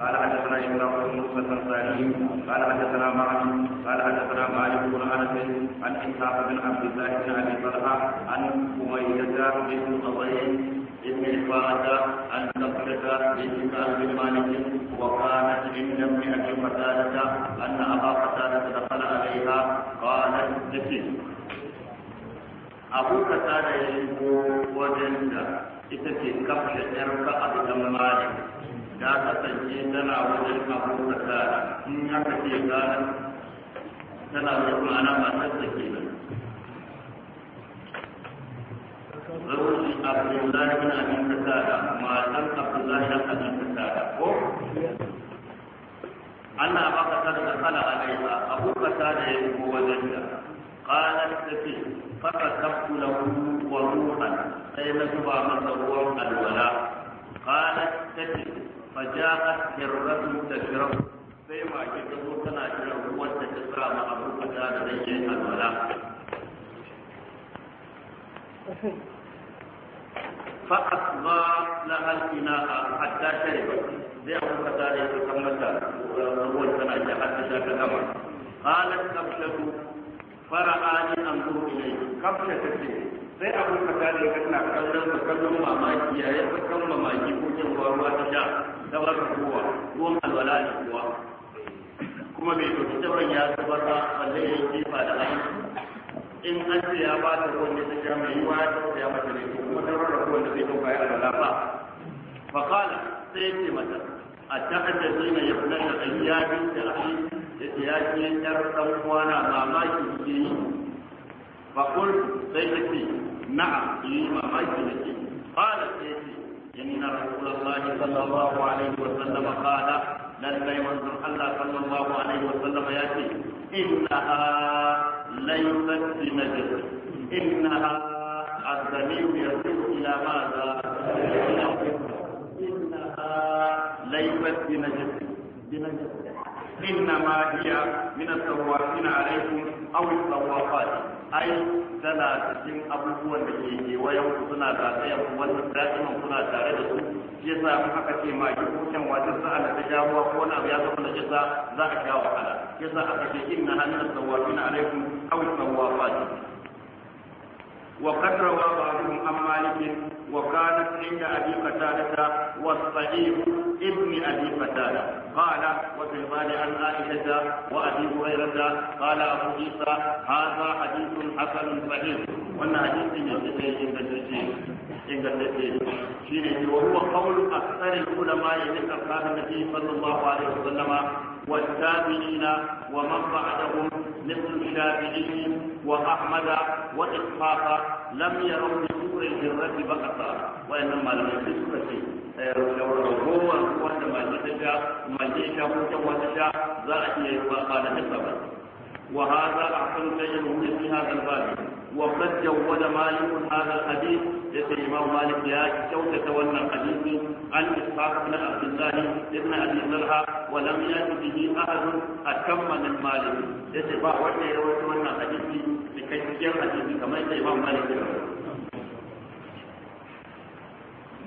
قال حدثنا إبراهيم بن موسى الأنصاري قال حدثنا معن قال حدثنا مالك بن أنس عن إسحاق بن عبد الله بن أبي طلحة عن أمية بن قضيب بن إخوانة عن تقرة بن هشام بن مالك وكانت عند ابن أبي قتادة أن أبا قتادة دخل عليها قالت تسلم أبو قتادة يشكو وجنة ita ce kafshe ɗan ka'ab da malik ya kasance tana wajen abu kasara in aka ce ta tana wajen ma'ana matar sa ke Ba zawuci abdullahi bin abin kasara matar abdullahi bin abin kasara ko Allah ba ka sada da kala alaiha abu kasara ya yi wajen da قالت تفي فكتبت له وروحا سيلك بعض الولاء قالت تفي فجاءت هرة تشرب sai mage ta zo tana jiran ruwan da ta sa ma abu a da zai yi alwala fa asba la halina hatta shariba zai abu ka da ya kammata ruwan tana da hatta ta gama qalat qabshatu fara'ani anzuru ilayhi qabla tace sai abu ka da ya kana kallon kallon mamaki yayin kallon mamaki ko jin ruwa ta sha sauran ruwa ruwan alwala da ruwa kuma bai doki sauran ya zubar ba balle ya yi jifa da aiki in an ce ya ba ta ruwan ta sha mai yiwa ya tausaya mata ne kuma sauran da zai dauka ya alwala ba fakala sai ya ce mata a takardar zai mai yafi nan da ayyabi da aiki da ta ya ce yar ɗan mamaki ke yi fakul sai ta ce na'am yi mamaki da ke fara sai ya ce إن رسول الله صلى الله عليه وسلم قال لن يمنزل الله صلى الله عليه وسلم يأتي إنها ليست بنجس إنها الضمير يصل إلى ماذا؟ إنها ليست بنجس بنجد إنما هي من التوافين عليكم أو التوافات أي tana cikin abubuwan da ke kewayen ku suna tsaye wannan da'iman kuna tare da su shi yasa in aka ce ma ki wata sa'a da ta ko wani abu ya zama da kisa za a sha wahala shi yasa aka ce inna hanna tawafina alaikum aw tawafat wa qad rawa ba'dhum an malikin وكانت عند أبي قتادة والصحيح ابن أبي قتادة قال وفي المال عن عائشة وأبي هريرة قال أبو عيسى هذا حديث حسن صحيح وأن حديث يجب أن ingantacce shi ne wa huwa qawlu aktsari ulama min ashabin nabi sallallahu alaihi wasallama والتابعين ومن wanda ta sha sha wata sha za a iya yi wa ba da fi وقد جود مالك هذا الحديث ليس إمام مالك يا جودة وانا حديث عن إسحاق بن عبد الله ابن أبي طلحة ولم يأت به أحد أكم من المالك ليس با وانا يروي وانا حديث لكي يجير حديث كما إمام مالك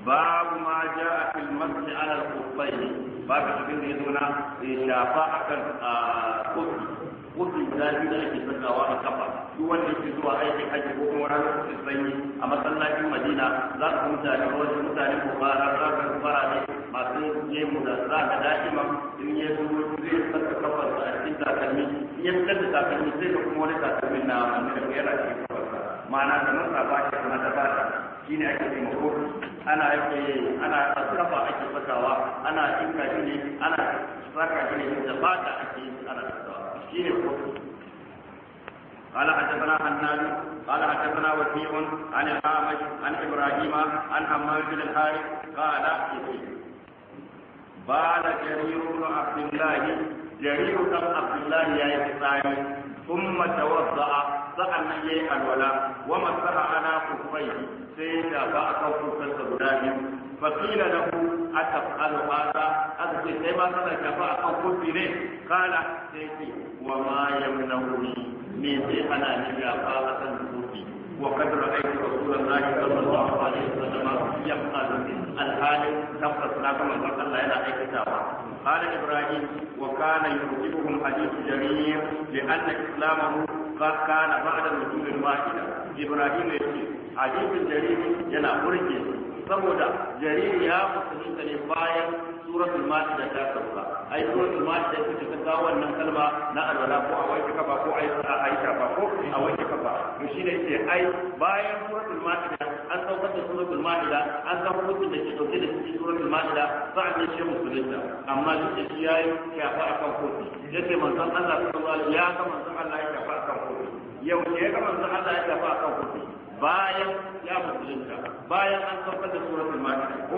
باب ما جاء في المسجد على الخفين باب تبين يدونا شافا أكل wufin zafi da ake sakawa a kafa duk wanda yake zuwa aikin haji ko kuma ranar kusa sanyi a masallacin madina za ka mutane wasu mutane ko ba za ka fara ne masu yemu da za ka da'ima in ya zo zai saka kafar a cikin takalmi in ya saka takalmi sai ka kuma wani takalmi na wani yana cikin kafarsa ma'ana kamar sa ba ake kuma da ba shi ne ake taimako ana yake ana kafa ake sakawa ana inka shi ne ana saka shi ne da ba ta ake ana sakawa shine kotu قال حدثنا حناد قال حدثنا وكيع عن الأعمش عن إبراهيم عن حماد بن الحارث قال بعد جرير بن عبد الله جرير بن عبد الله يا إسرائيل ثم توضأ sa'annan yayi alwala wa masaha ala kuffaihi sai da ba a kan kuffarsa guda biyu fa qila lahu ataf'alu hadha azza sai ba kana shafa akan kuffi ne kala sai wa ma yamna'uni me zai hana ni gafa a kan dutse وقد رأيت رسول الله صلى الله عليه وسلم يفعل الحال تفرس لا كما قال الله لا كتابا قال إبراهيم وكان يعجبهم حديث جميل لأن إسلامه كان بعد الوجود الواحدة إبراهيم يقول حديث جميل ينا برجه saboda jariri ya musulunta ne bayan suratul ma'ida ta sauka ai ta kawo wannan kalma na alwala ko a wanke kafa ko ai a ai kafa ko a wanke kafa to ne ce, ai bayan suratul ma'ida an saukar da suratul ma'ida an san hukuncin da ke dauke da cikin suratul ma'ida sa'an shi musulunta amma duk da shi yayi kafa akan kofi yace manzon Allah sallallahu alaihi ya ga manzon Allah ya kafa kan kofi yau ne ya ga manzon Allah ya kafa kan kofi bayan ya musulunta bayan an saukar da suratul ma'ida ko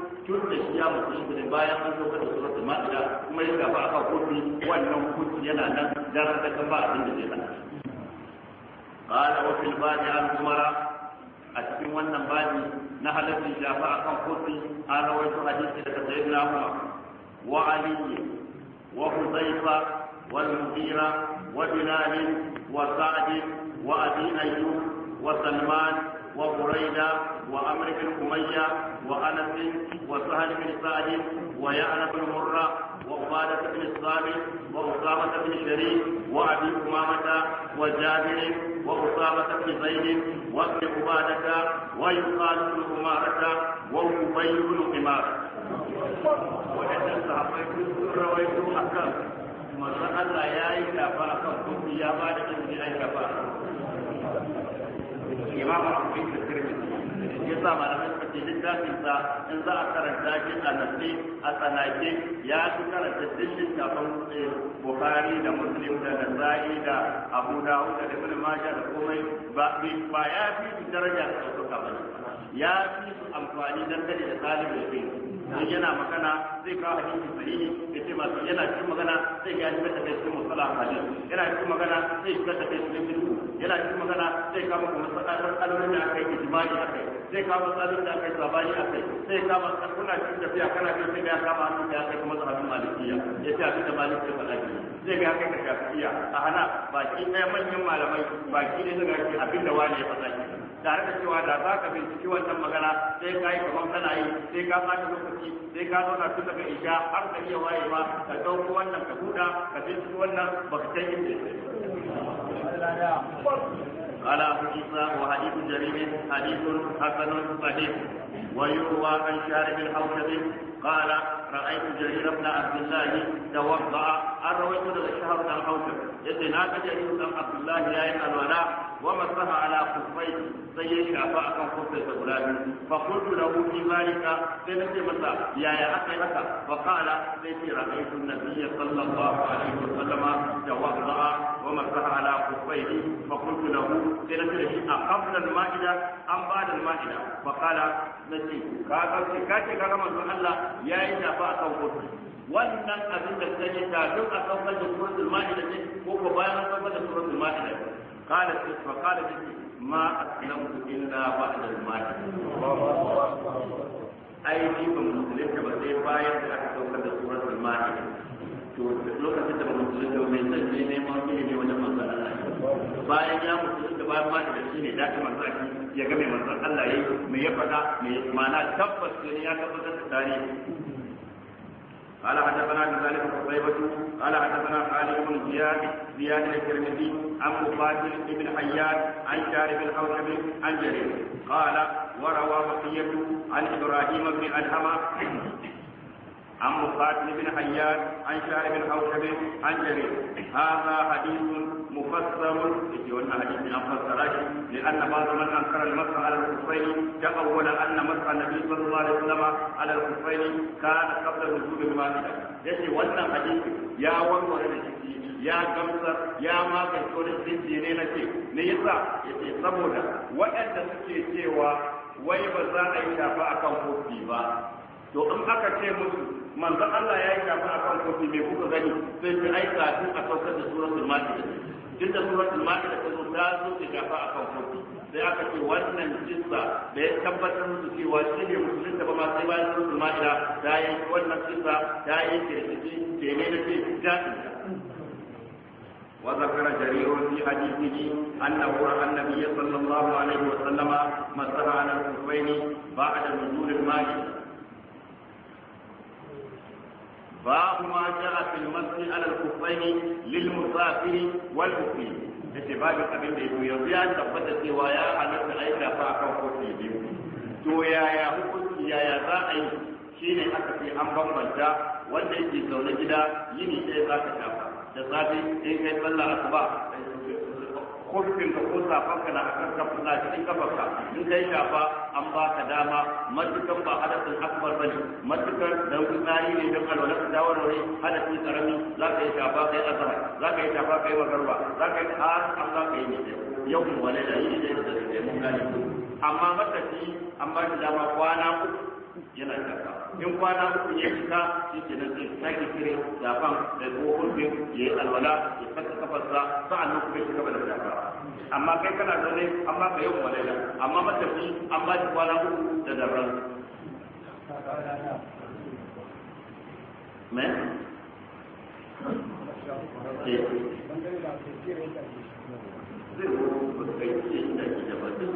tun da shi ya mutu ne bayan an zo da suratul ma'ida kuma ya gaba aka kofi wannan hukunci yana nan daren da kan ba abin da zai hana qala wa fil bani an kumara a cikin wannan bani na halaccin shafa akan kofi an rawaito hadisi daga sayyidina Umar wa Ali wa Huzaifa wa Mughira wa Bilal wa Sa'd wa Abi Ayyub wa Salman وبريدة وأمر بن أمية وأنس وسهل بن سعد ويعلى بن مرة وعبادة بن الصامت وأسامة بن شريك وأبي أمامة وجابر وأسامة بن زيد وابن عبادة ويقال بن أمارة وأبي بن أمارة waɗannan sahabbai sun rawaito a kan manzon Allah ya yi kafa a kan kuɗi ya ba da izini a kafa imam al da ya sa suka ce littafin sa in za a karanta shi a nafi a tsanake ya fi karanta duk eh, da muslim da nasa'i da abu dawud da ibn da komai ba ya fi daraja da ɗaukaka ba ya fi amfani da in yana magana zai kawo ce masu yana cikin magana zai ga shi cikin yana cikin magana zai shiga cikin yana cikin magana zai kama kuma matsalolin da aka yi ijimai a kai zai kama matsalolin da aka yi sabani a kai zai kama kuna cikin tafiya kana kai sai ya kama hannun da ya kai kuma sahabin malikiya ya ce abin da maliki ya faɗa ke zai ga kai ka shafiya a hana baki ɗaya manyan malamai baki ne suka ce abin da wani ya faɗa shi tare da cewa da za ka binciki wannan magana sai ka yi kamar kana yi sai ka sake lokaci sai ka zauna tun daga isha har ka iya wayewa ka ɗauko wannan ka buɗa ka binciki wannan baka san inda ya قال حديثنا وحديث جرير حديث حسن صحيح ويروى عن شارب الحوشبي قال رأيت جرير بن عبد الله توضأ أن رويت الشهر بن الحوشبي يتناقى جرير بن عبد الله لا يسأل ولا ومسح على خفيه سيد شعفاء كان خفيه غلام فقلت له في ذلك سنت مسا يا يا أخي لك فقال سيدي رأيت النبي صلى الله عليه وسلم توضأ ومسح على خفيه فقلت له سنتلي أقبل المائدة أم بعد المائدة فقال نسي كاكا كاكا كاكا الله يا إذا فأتوا خفيه wannan abin da ta yi kafin a saukar da suratul ma'ida ne ko ko bayan a saukar da suratul ma'ida ne qala fa qala ce, ma aslamtu illa ba'da al-ma'ida ai ni ban musulunta ba sai bayan da aka saukar da suratul ma'ida to lokacin da musulunta mai san ne bayan ya mutu da bayan ma da shi ne ta manzo Allah ya ga mai manzo Allah yayi me ya faɗa me mana tabbas ne ya tabbatar da tarihi قال حدثنا بذلك قتيبة قال حدثنا خالد بن زياد زياد الترمذي عن مقاتل بن حيان عن شارب الحوشب عن جرير قال وروى بقية عن ابراهيم بن أدهم عن مقاتل بن حيان عن شعر بن حوشب عن جرير هذا حديث مفسر يقول حديث عن فسراش لأن بعض من أنكر المسح على الخفين تأول أن مسح النبي صلى الله عليه وسلم على الخفين كان قبل وجود المائدة يجي وزن حديث يا وزن الحديث ya gamsar ya magance wani jinsi ne na ce me yasa ya ce saboda waɗanda suke cewa wai ba za a yi shafa akan kofi ba to in aka ce musu manzo Allah ya yi kafa kan kofi mai kuka gani sai ku ai tun a saukar da suratul ma'idah da suratul ma'idah ta zo ta zo ta kafa kan kofi sai aka ce wannan jinsa da ya tabbatar musu cewa shi ne musulun da ba ma sai bayan suratul ma'idah ta yi wannan jinsa ta yi kirkiki ke ne da ke jami'a وذكر جرير في حديثه أنه رأى النبي صلى الله عليه وسلم مسح على الخفين بعد نزول الماء باب ما جاء في المسجد على الكفين للمسافر والمقيم yace babu abin da yi yanzu ya tabbata cewa ya halatta a yi tafa a kan kofi biyu to yaya hukunci yaya za a yi shi ne aka fi an bambanta wanda yake zaune gida yini ɗaya za ka tafa da safe in kai sallar asuba ko rufin ka ko safanka na akan kafa na cikin kafarka in kai shafa an ba ka dama matukan ba hadasin akbar bane matukan da tsari ne don alwala da dawarware hadasin karami za ka yi shafa kai azhar za ka yi shafa kai magarba za ka yi har an za ka yi ne yau mu wale da yi ne da mun gane amma matafi an ba shi dama kwana uku yana karba in kwana uku ya shiga shi ke nan zai sake kire zafan da tsohon bin ya yi alwala ya saka kafarsa sa'annan kuma shi shiga da shafa amma kai kana zaune amma ka yi yau da amma matafi an ba shi kwana uku da daren me eh. zai wuri ba kai ce da shi da ba duk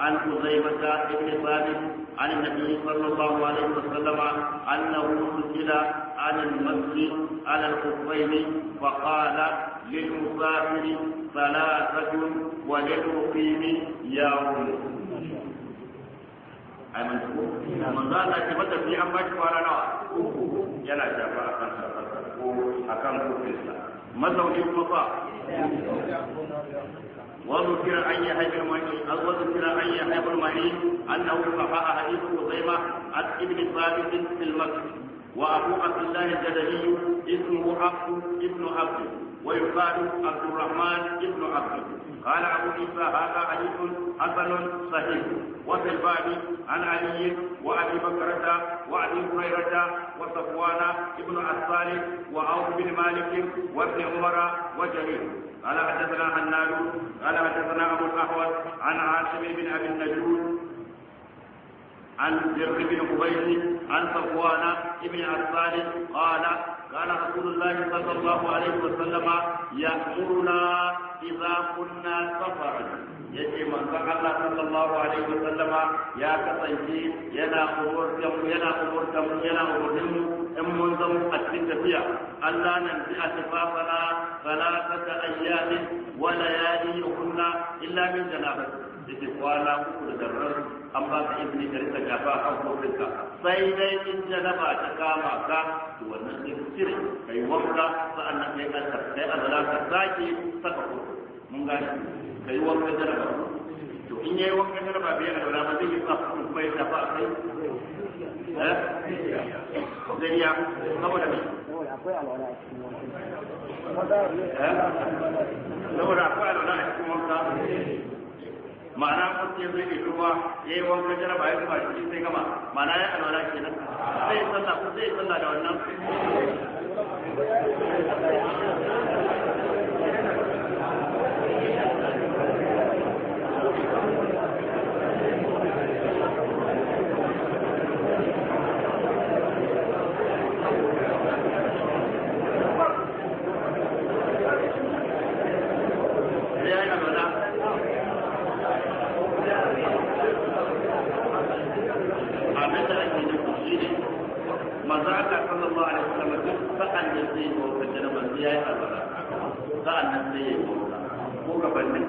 عن خزيمة بن ثابت عن النبي صلى الله عليه وسلم أنه سئل عن المسجد على الخفين فقال للمسافر ثلاثة وللمقيم يوم ai manzo manzo Allah ya bada bi an baki kwana nawa yana shafa akan sarfarsa ko akan kofinsa mazauni kuma ba wani kira an yi haifar mani a wasu kira an yi haifar mani an na wuri mafa a hadisu ko zai ma a cikin mifafin silmak wa abu abdullahi jadari ibn abu ibn abu wa yufaru abdurrahman ibn abu قال أبو عيسى هذا حديث حسن صحيح وفي الباب عن علي وأبي بكرة وأبي هريرة وصفوان ابن الصالح وعوف بن مالك وابن عمر وجميل قال حدثنا حناد قال حدثنا ابو الاحوص عن عاصم بن ابي النجود عن بر بن قبيس عن صفوان بن عفان قال قال رسول الله صلى الله عليه وسلم يأمرنا اذا كنا سفرا yace manzon Allah sallallahu alaihi wa sallama ya kasance yana umurtan yana umurtan yana umurtan in mun zama a cikin tafiya Allah nan bi atfafana ta ayyami wa layali kunna illa min janabati yace kwana uku da darar an ba ka izini ka rika jafa kan ka sai dai in janaba ta kama ka to wannan sai ka cire kai wanka sa'annan kai ka sai Allah ka sake saka kofin mun ga ka yi wanka jaraba to in yayi wanka jaraba bai alwala rama zai yi tsaf bai da ba eh zai ya saboda me akwai eh? saboda akwai alwala a cikin wanka ma'ana ya zai ruwa ya yi wanka jaraba ya shi sai gama ma'ana ya alwala sallah ko sallah da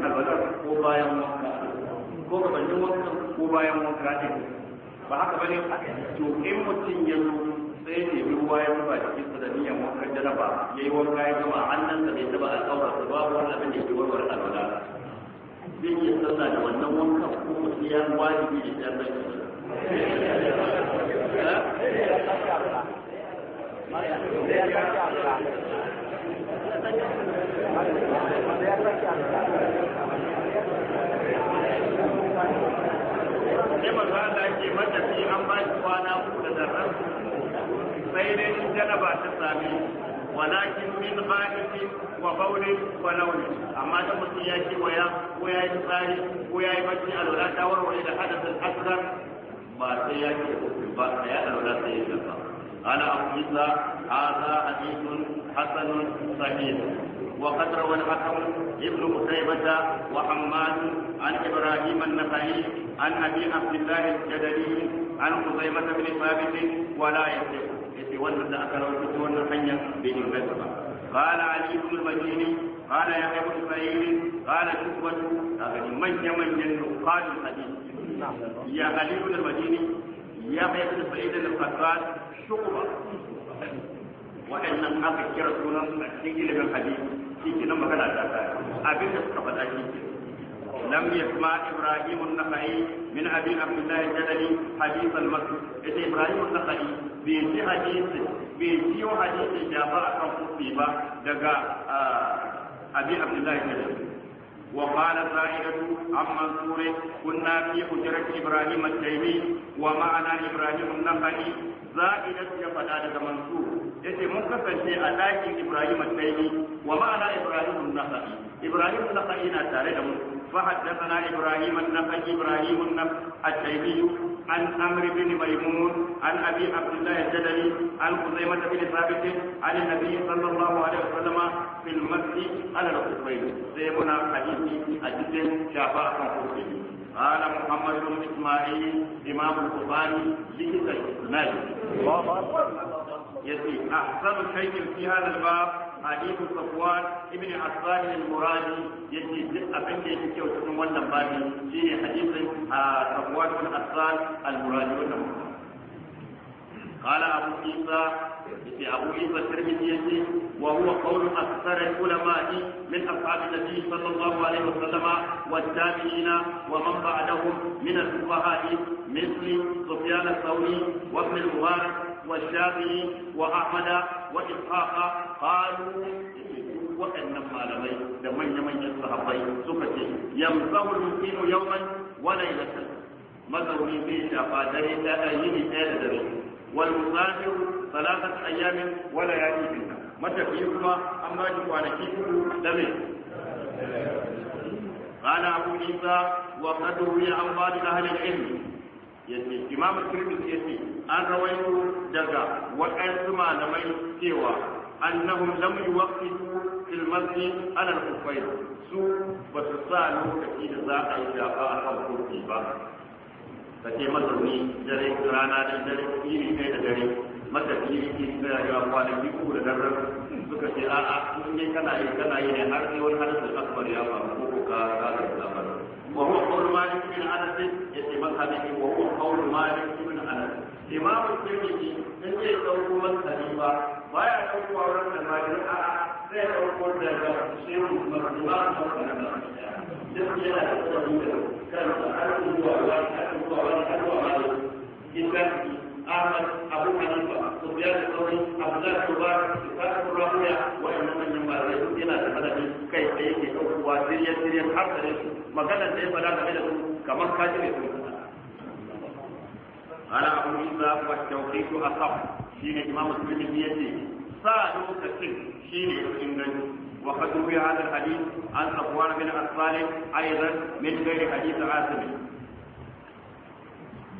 alwala ko bayan wanka ko gabanin wanka ko bayan wanka ne ba haka bane to in mutum ya zo sai ne ruwa ya zuba cikin da niyyar wanka janaba yayi wanka ya gama annan sa bai taba alƙawar sa babu wani abin da ke warware alwala zai iya sallah da wannan wanka ko mutum ya wajibi da ya zai sai manzo matafi an ba shi kwana uku da sai dai ta sami walakin min ba'idi wa launi da mutum ya ki waya ko ya yi tsari ko ya yi da hadasin asgar ba sai ya ba shafa قال أبو عيسى هذا حديث حسن صحيح وقد روى الحكم ابن قتيبة وحماد عن إبراهيم النخعي عن أبي عبد الله الجدلي عن خزيمة بن ثابت ولا يصح يتولد أكل وتتولى حيا بإنجازها قال علي بن المديني قال يحيى بن سعيد قال شعبة من من ينقاد الحديث يا علي بن المديني ya mai da bayyana fakat shuba wa'annan aka kira sunan a cikin ilimin hadisi shi na magana ta tsaya abin da suka faɗa shi لم يسمع ابراهيم النخعي من ابي عبد الله الجدلي حديث المسجد إذ ابراهيم النخعي بيجي حديث بيجي حديث جابر عن قصيبه دقا ابي عبد الله الجدلي وقال زائدة عن منصور كنا في حجرة إبراهيم التيمي ومعنا إبراهيم النخعي زائدة يفدى منصور yace mun kasance a ɗakin Ibrahim al-Taimi wa ma'ana Ibrahim al Ibrahim al na tare da mu فحدثنا ابراهيم النقي ابراهيم التيمي عن عمرو بن ميمون عن ابي عبد الله الجدلي عن خزيمه بن ثابت عن النبي صلى الله عليه وسلم في المسجد على الخفين سيمنا حديثي اجل شافاء خفين قال محمد بن اسماعيل امام البخاري لكتاب الناس يزيد احسن شيء في هذا الباب حديث صفوان ابن عفان المرادي يجي duk abin da yake kyau cikin wannan babi shine hadisin صفوان بن عفان المرادي wannan قال أبو عيسى في أبو عيسى الترمذي وهو قول أكثر العلماء من أصحاب النبي صلى الله عليه وسلم والتابعين ومن بعدهم من الفقهاء مثل سفيان الثوري وابن المبارك والشافعي واحمد واسحاق قالوا وانما لمن لمن من يكره الضيف سكت يمزه المسكين يوما وليله مزه في شفاده الى ايه تاذر والمسافر ثلاثه ايام ولا يعني بها متى في يوم اما جوانا كيفه دمي قال ابو عيسى وقد روي عن بعض اهل العلم yace imam tirmidhi yace an rawaito daga waɗansu malamai cewa annahum lam yuwaqqitu fil masjid ala al-kuffayn su ba su sa lokaci da za a yi ba a kan kurfi ba ka ce mazauni dare rana da dare iri ne da dare mata iri iri ɗaya da kwanaki biyu da dare suka ce a'a in ne kana yi kana yi ne har sai wani hadisul akbar ya faru ko ka ka da wa huwa qawlu malik bin anas مذهبه وهو قول مالك بن انس yana da tsari wa inna man yana maganar da ya da game da su kamar ka ji mai kuma ala abu isa wa tawqitu asab shine imam muslim yace sa lokacin shine inganci وقد روي هذا الحديث عن صفوان بن أسفال أيضا من غير ja a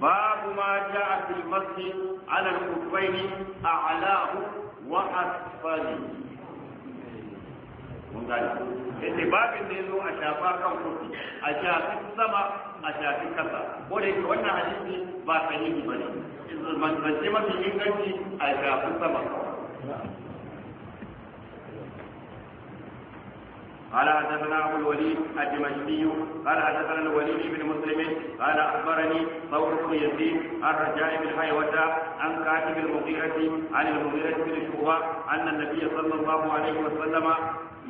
باب ما جاء في المسجد على الخفين wa وأسفله yace babin da yazo a shafa kan kofi a shafi sama a shafi kasa ko da yake wannan hadisi ba sahihi bane zance mafi inganci a shafi sama قال حدثنا ابو الوليد الدمشقي قال حدثنا الوليد بن مسلم قال اخبرني ثور بن يزيد عن رجاء بن حيوة عن كاتب المغيرة عن المغيرة بن شعبة ان النبي صلى الله عليه وسلم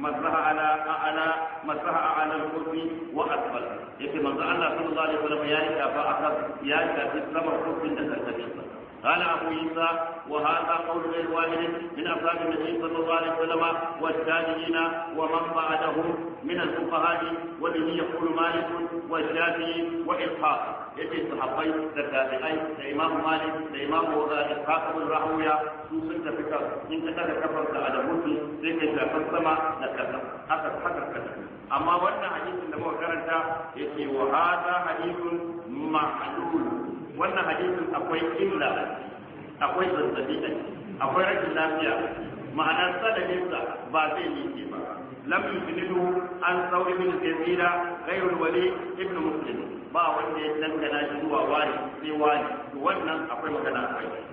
maslaha ala ala a ala al-kursi wa asfal yace manzo Allah sallallahu alaihi wasallam ya yi kafa akan ya yi kafa sama kursin da karkashin قال أبو عيسى وهذا قول غير واحد من أفراد النبي صلى الله عليه وسلم والتابعين ومن بعدهم من الفقهاء والذي يقول مالك والشافعي وإسحاق يجي الصحابي التابعين الإمام مالك الإمام إسحاق بن راهوية توصل لفكر إن كتب كفر على daga kafarka da mutu sai ka shafi كتب أما وأن حديث النبوة ka يجي وهذا حديث معلول wannan hadisin akwai illa akwai zazzabi akwai rashin lafiya ma'ana sadakinsa ba zai yi ba lam yusnidu an sauri min kathira ghayr wali ibn muslim ba wanda ya dangana shi zuwa wani sai wani wannan akwai magana akwai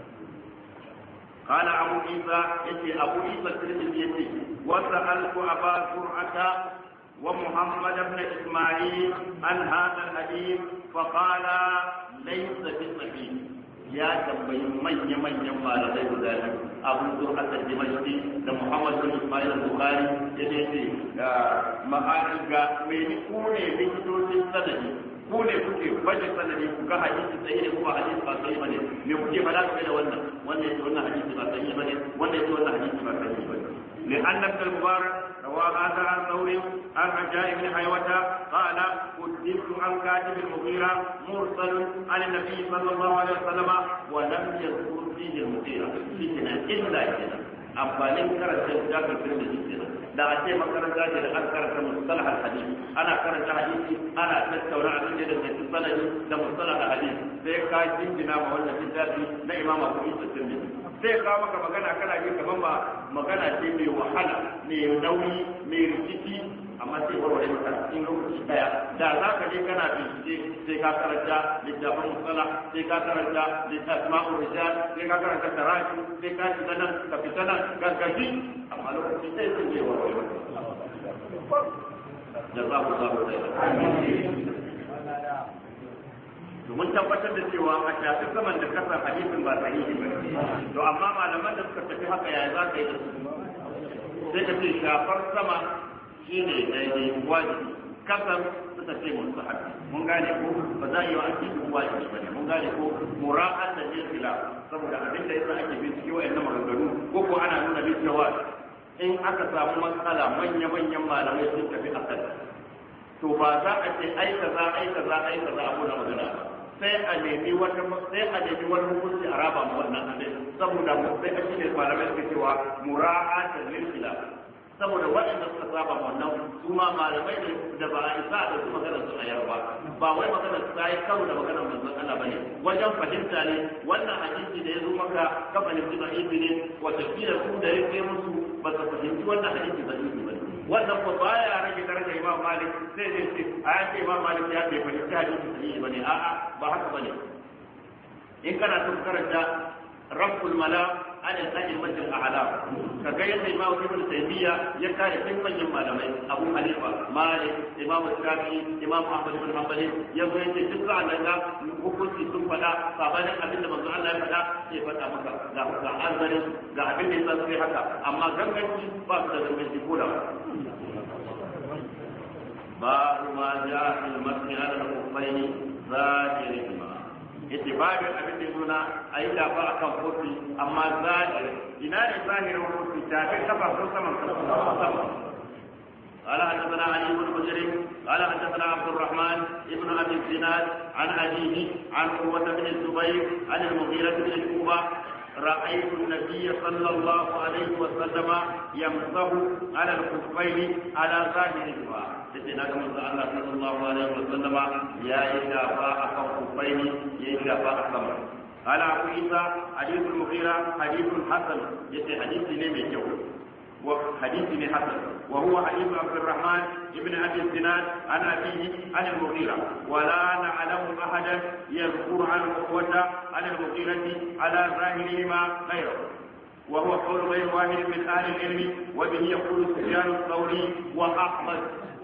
abu isa عيسى abu isa kirkin الترمذي wasa alku أبا زرعة ومحمد بن إسماعيل عن هذا الحديث فقال ليس بالصحيح يا تبين من يمن يما لديه ذلك أبو زرعة الدمشقي محمد بن إسماعيل البخاري يجي معارك من كوني من دون السند ku ne kuke baje sanadi ku ga hadisi sai ne kuma hadisi ba sai bane me kuke fada game da wannan wannan yace wannan hadisi ba sai bane wannan yace wannan hadisi ba sai bane li anna al mubarak وهذا عن ثور عن حجاء بن حيوتة قال كذبت عن كاتب المغيرة مرسل عن النبي صلى الله عليه وسلم ولم يذكر فيه المغيرة سنة إلا فتنة أبا لم ترى الزوجات الفيلم الفتنة لا شيء ما كان قادر أذكر كمصطلح الحديث أنا كرت حديثي أنا أتمنى ولا أعلم جدا من لمصطلح الحديث في كاتب بما هو النبي ذاتي لإمام أبو يوسف الترمذي zai kawo maka magana kana yi kaman ba magana ce mai wahala mai nauyi mai rikici amma sai warware maka cikin lokaci daya da za ka je kana bincike sai ka karanta littafin musala sai ka karanta littafin ma'urisha sai ka karanta tarashi sai ka fita nan ka fita nan gaggaji amma lokaci sai sun je warware maka jazakumullahu khairan domin tabbatar da cewa a shafi saman da kasan hadisin ba sahihi ba to amma malaman da suka tafi haka ya za ka yi sai ka ce shafar sama shine daidai wajibi kasan suka ce mun su haɗu mun gane ko ba za a yi wa ake cikin wajibi ba ne mun gane ko mura'an da ne fila saboda abin da yasa ake bin cikin wa'annan maganganu ko ko ana nuna bin cewa in aka samu matsala manya-manyan malamai sun tafi akan to ba za a ce aika za aika za aika za abu na magana ba sai a nemi wata sai a nemi wani hukunci a raba mu wannan abin saboda mu sai a shine malamai suke cewa mura'atul lilla khilaf saboda waɗanda suka saba wannan kuma malamai da da ba a isa da su magana su ayar ba ba wai magana su sai karo da magana manzon Allah bane wajen fahimta ne wannan hadisi da yazo maka ka fahimci da ibni ne wata kila ku da yake musu ba ka fahimci wannan hadisi da ibni ba wannan ko ba ya rage darajar imam malik sai dai ce a ya ce imam malik ya bai fahimci hadisin sahihi bane a'a ba haka bane in kana son karanta raful mala tsaki ka ga yadda imamu ibn taymiya ya kare كلمة manyan malamai Abu halifa Malik Imam Shafi Imam Ahmad ibn Hanbali ya zo yake duk ranar da hukunci sun fada sabanin abin da manzo Allah ya fada sai fada maka ga ga azari ga abin da ya sai haka amma ganganci ba su da ganganci ko da ba ma ja al-masjid al-kufaini zahirihima yake babin abin da suna a yi lafa a kan kofi amma zahiri ina ne zahirin kofi tafin kafa ko saman kafa sama قال حدثنا علي بن بشر قال حدثنا عبد الرحمن بن ابي الزناد عن ابيه عن قوة بن الزبير عن المغيرة بن الكوبة رأيت النبي صلى الله عليه وسلم يمسه على الخفين على ظاهر الواقع duk ina Allah sallallahu alaihi wa ya yi dafa a kan kubaini ya yi dafa a sama ala abu isa hadithul mughira hadithul hasan yace hadisi ne mai kyau wa hadisi ne hasan wa huwa hadithu abd ibn abi sinan an abi an al-mughira wa la na'lamu ahadan yadhkur an quwwata an al-mughira zahiri ma khayra وهو قول غير واحد من اهل العلم وبه يقول سفيان الثوري واحمد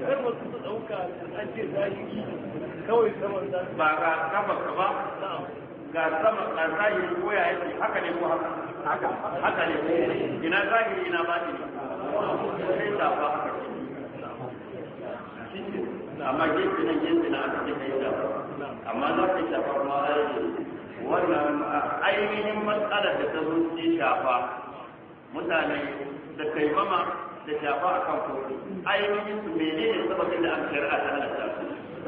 kar wasu su ɗauka an ce zahiri kawai sama ba ga sama ka ba ga sama ga zahiri ko ya yake haka ne ko haka haka haka ne ina zahiri ina ba ne sai da ba amma gefe na gefe na aka ce kai da amma za ka shafa ma wannan ainihin matsalar da ta zuci shafa mutane da kaimama da shafa a kan kofi ainihin su menene sababin da aka shari'a ta halatta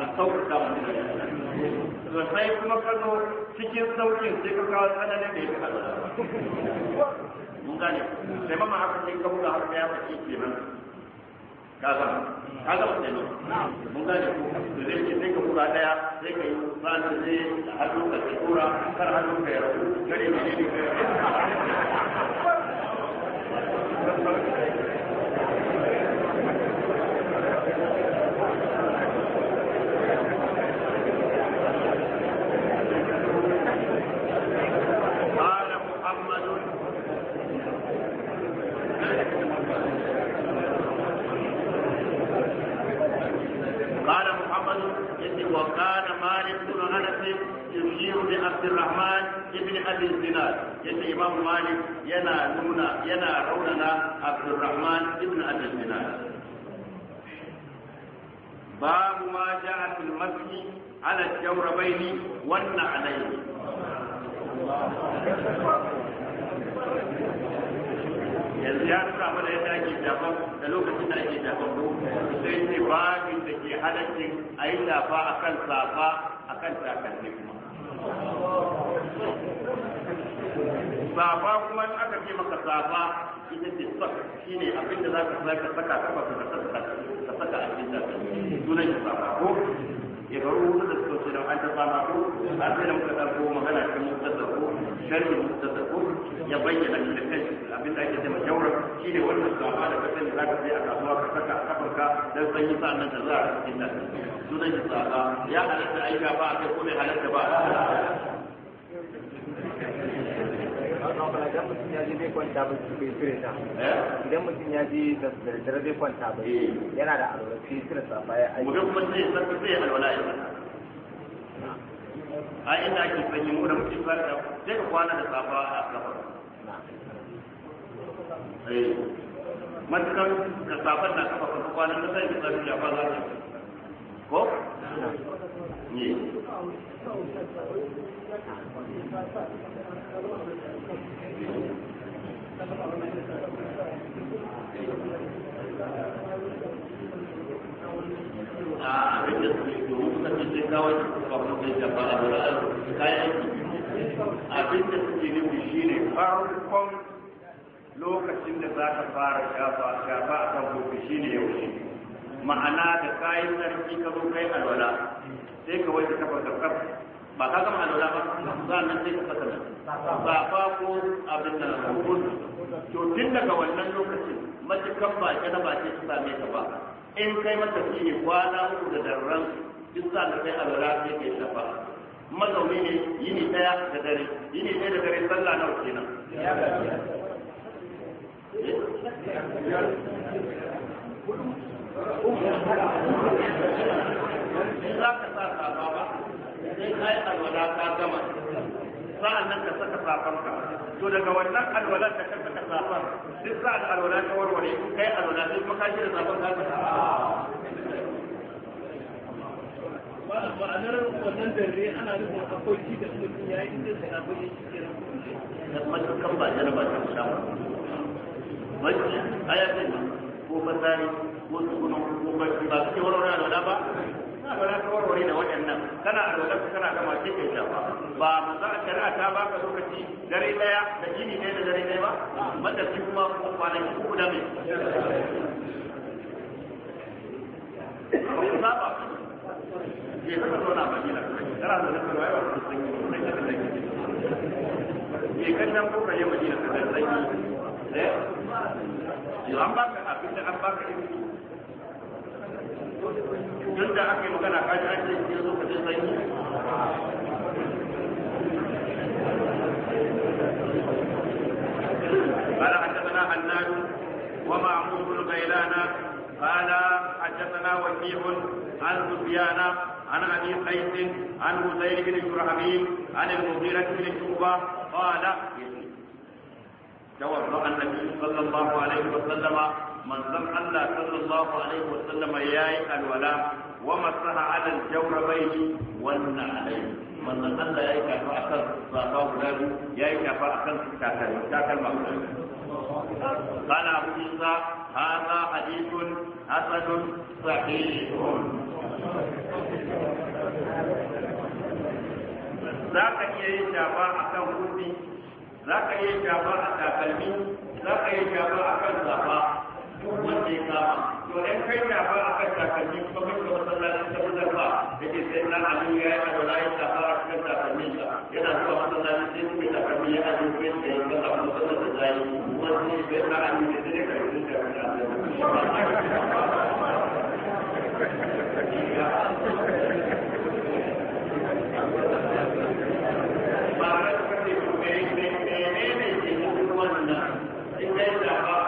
a sauƙaƙa mutum to sai kuma kano cikin sauƙin sai ka kawo tsananin da ya fi halatta mun gane sai mama haka sai ka buga haka ya fashe zama mun gane zai ce sai ka buga daya sai ka yi hannu ka tura kar hannu ka yi rabu gare ne ne ka Abdurrahman ibn Abi Zinad yace Imam Malik yana nuna yana raunana Abdurrahman ibn Abi Zinad babu ma ja'a fil masjid ala jawrabaini wan na'laini yanzu ya nuna da yadda ake shafan da lokacin da ake shafan ko sai ce babin da ke halaccin a yi shafa a kan safa a kan takalmi kuma safa kuma in aka ce maka safa ita ce sak shi ne abin da za ka saka saka kafa ka saka ka saka a cikin ta sunan shi safa ko ya baro wuta da suka ce da an ta fama ko an sai da muka ko, magana cikin mustasa ko sharhi mustasa ko ya bayyana shi da kai abin da ake ce ma jawra shi ne wannan safa da ka sani za ka sai a kasuwa ka saka a kafarka dan sanyi sa'an nan da za a cikin ta sunan shi saka ya halatta ai ba a kai kuma halatta ba eh? idan mutum ya je ba su ta da daddare zai kwanta ba yana da alwala sai cire ta baya kuma sai san sai alwala ya a inda ake sanyi mu da mutum ba da sai ka kwana da safa a kafa eh. matukan ka safar na kafa ka kwana da sai ka tsaya ba ko ne a abin da su yi domin suka ce kawai kwamfan da ya ba a kayan abin da suke nufi shine farkon lokacin da za ka fara shafa a kan gobe shine ma'ana da kayan sarki ka zo kai alwala sai ka wanke kafa karkar ba ka gama alwala ba nan sai ka fasa ba fa ko abin da hukun to tun daga wannan lokacin matukan ba ka na bace su same ka ba in kai mata ne kwana uku da darren duk za a kai alwala sai kai shafa mazauni ne yi ne daya da dare yi ne daya da dare sallah nawa kenan Thank eh? in za ka sa safa ba sai ka yi alwala ka gama sa'an nan ka saka safan ka to daga wannan alwalar da ka saka safan duk sa'an alwala ta warware ka yi alwala sai kuma ka shi da safan ka saka ma'anar wannan dare ana nufin akwai shi da mutum ya yi inda sai abin ya shi kenan na matakan ba jana ba ta samu wajen ayatun ko fasari ba suke warware alwala ba alwala ka warware da waɗannan kana alwala ka kana gama ce kai ta ba ba manzo a shari'a ta ka lokaci dare ɗaya, da yini ne da dare ɗaya ba madafi kuma Kuma kwanaki uku da me ba kana kan nan ko kai madina ka da sai eh an baka abin da an baka don da magana kaji an ce ya zo kaje قال حدثنا حناد ومعمود بن غيلان قال حدثنا وكيع عن سفيان عن ابي قيس عن حسين بن شرحبيل عن المغيرة بن شعبة قال توضأ النبي صلى الله عليه وسلم manzon Allah sallallahu alaihi wasallam yayi alwala wa masaha ala al-jawrabayn wa na'alayn manzon Allah ya yayi kafa akan safa guda biyu yayi kafa akan takalma takalma guda biyu قال أبو عيسى هذا حديث حسن صحيح za ka iya yin shafa a kan hudu za ka iya yin shafa a takalmi za ka iya shafa a kan zafa wanda ya saba to dan kai da ba aka takalmi kuma kai da masallaci ta hudar ba yake sai na ali ya yi alwala ya tafa a cikin takalmi ka yana zuwa masallaci sai kuma takalmi ya aje kai da ya kasa masallar da zai kuma sai sai na ali ne sai ka yi da Ba ka ce, "Mene ne ke mutuwan nan?" In dai da ba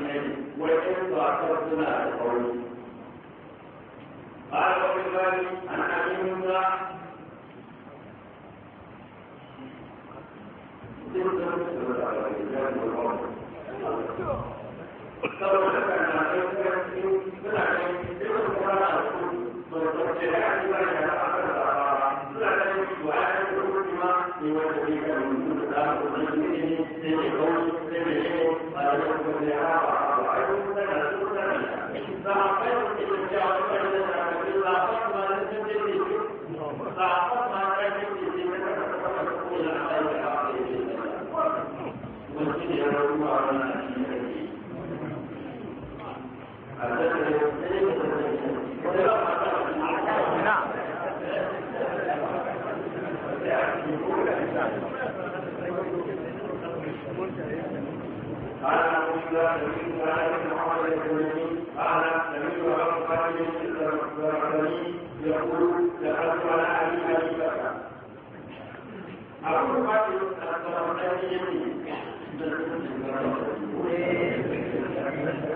العلم والإرضاء تركنا القول قال أبو الغالي عن أبي موسى Thank you. نعم قال ابو الله بن يقول دخلت على ابي ابي بكر ابو بكر اكثر من ابي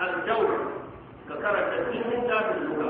الدور ككرة من ذات اللغة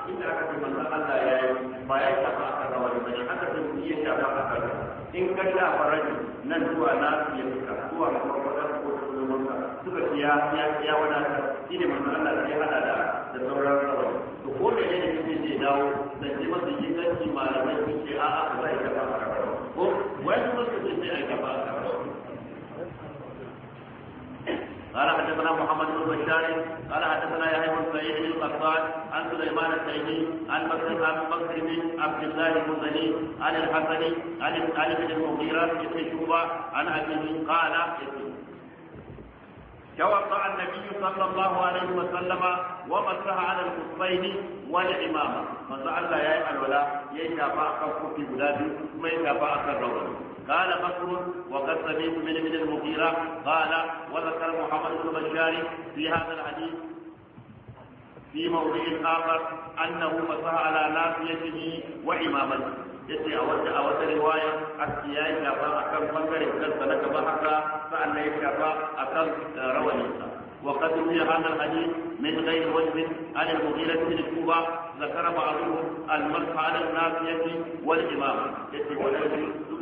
ba ya shafa a kaza wani bane haka sai mutum ya shafa a kaza in ka shafa rabi nan zuwa na ya suka zuwa ga farfadar ko shugabanka suka ya ya ya wadata shi ne manzo Allah sai hada da da sauran kawai to ko da yake ne zai dawo zan ji masa inganci malamai قال حدثنا محمد بن بشار قال حدثنا يحيى بن سعيد بن قطان عن سليمان التيمي عن بكر عن بكر بن عبد الله المزني عن الحسن عن عن بن المغيرة بن شعبة عن أبيه قال توقع النبي صلى الله عليه وسلم ومسح على الخفين والعمامة فسأل لا يا الولاء يشافى أكا خفي بلادي ثم يشافى أكا الروضة قال بكر وقد سمعت من ابن المغيرة قال وذكر محمد بن بشار في هذا الحديث في موضع آخر أنه مسح على ناصيته وإمامته yace أود أود رواية wata riwaya aski ya yi shafa a kan bangaren kansa na gaba وقد روي هذا الحديث من غير وجه عن المغيرة بن شعبة ذكر بعضهم المسح على الناصية والإمامة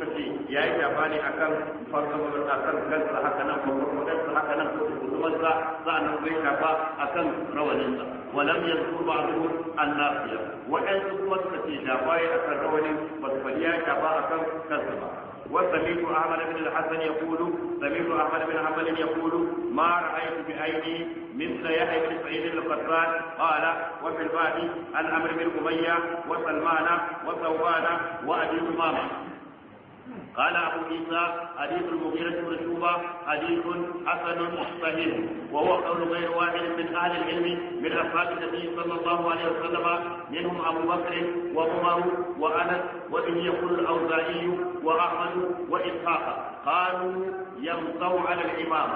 suka ce ya yi jafani a kan kan kansa haka nan farkamar kansa haka nan shafa a kan rawaninsa walam yanzu zuku ba zuku an nafiya waɗansu kuma suka ce jafaye a kan rawanin ba su ya shafa akan kansa ba وسمعت أحمد بن الحسن يقول سمعت أحمد بن حنبل يقول ما رأيت بعيني مثل يحيى بن سعيد القطان قال وفي الباب عن عمرو بن أمية وسلمان وثوبان وأبي أمامة قال أبو عيسى حديث المغيرة بن شوبة حديث حسن صحيح وهو قول غير واحد من أهل العلم من أصحاب النبي صلى الله عليه وسلم منهم أبو بكر وعمر وأنس وإن يقول الأوزاعي وأحمد وإسحاق قالوا يمضوا على الإمام.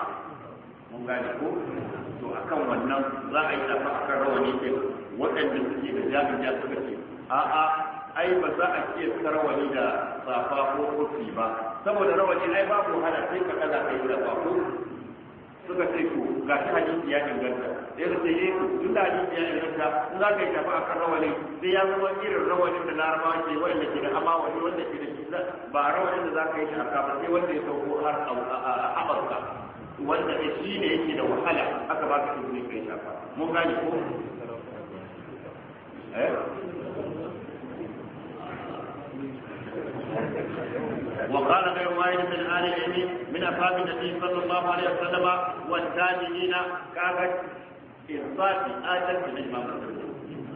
to akan wannan za a yi dafa akan rawani ɗin waɗanda suke da jami'a suka ce a'a ai ba za a iya tarwani da safa ko kofi ba saboda rawani ai babu wahala sai ka kaza kai da babu ko suka ce ku ga shi hadisi ya inganta sai ka ce eh duk da hadisi ya inganta in za ka yi tafi akan rawani sai ya zama irin rawani da larabawa ke wanda ke da amma wani wanda ke da kisa ba rawani da za ka yi shi ba sai wanda ya sauko har a habarka wanda shi ne yake da wahala aka ba ka shi ne kai shafa mun gane ko eh وقال غير واحد من آل العلم من أصحاب النبي صلى الله عليه وسلم والتابعين كافت إثبات آتت من الإمام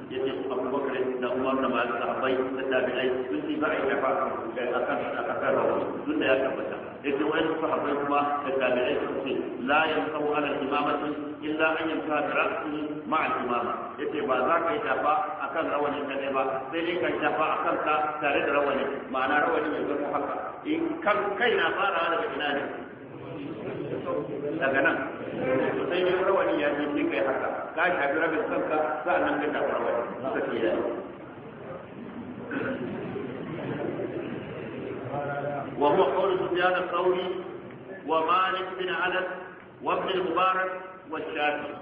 yake abu bakar da umar da malik sahabbai da tabi'ai sun yi ba'i a fa akan akan rawu tunda ya tabbata yake wani sahabbai kuma da tabi'ai suka ce la yansahu ala imamati illa an yansaha bi ra'si ma al imama yake ba za ka yi shafa akan rawanin ka ne ba sai dai ka shafa akan ka tare da rawani ma'ana rawani mai zurfi haka in kan kai na fara daga ina ne daga nan sai rawani ya ce kai haka ka shafi rabin kanka sa'annan ka shafi rawani suka ce ya وهو قول سفيان الثوري ومالك بن انس وابن المبارك والشافعي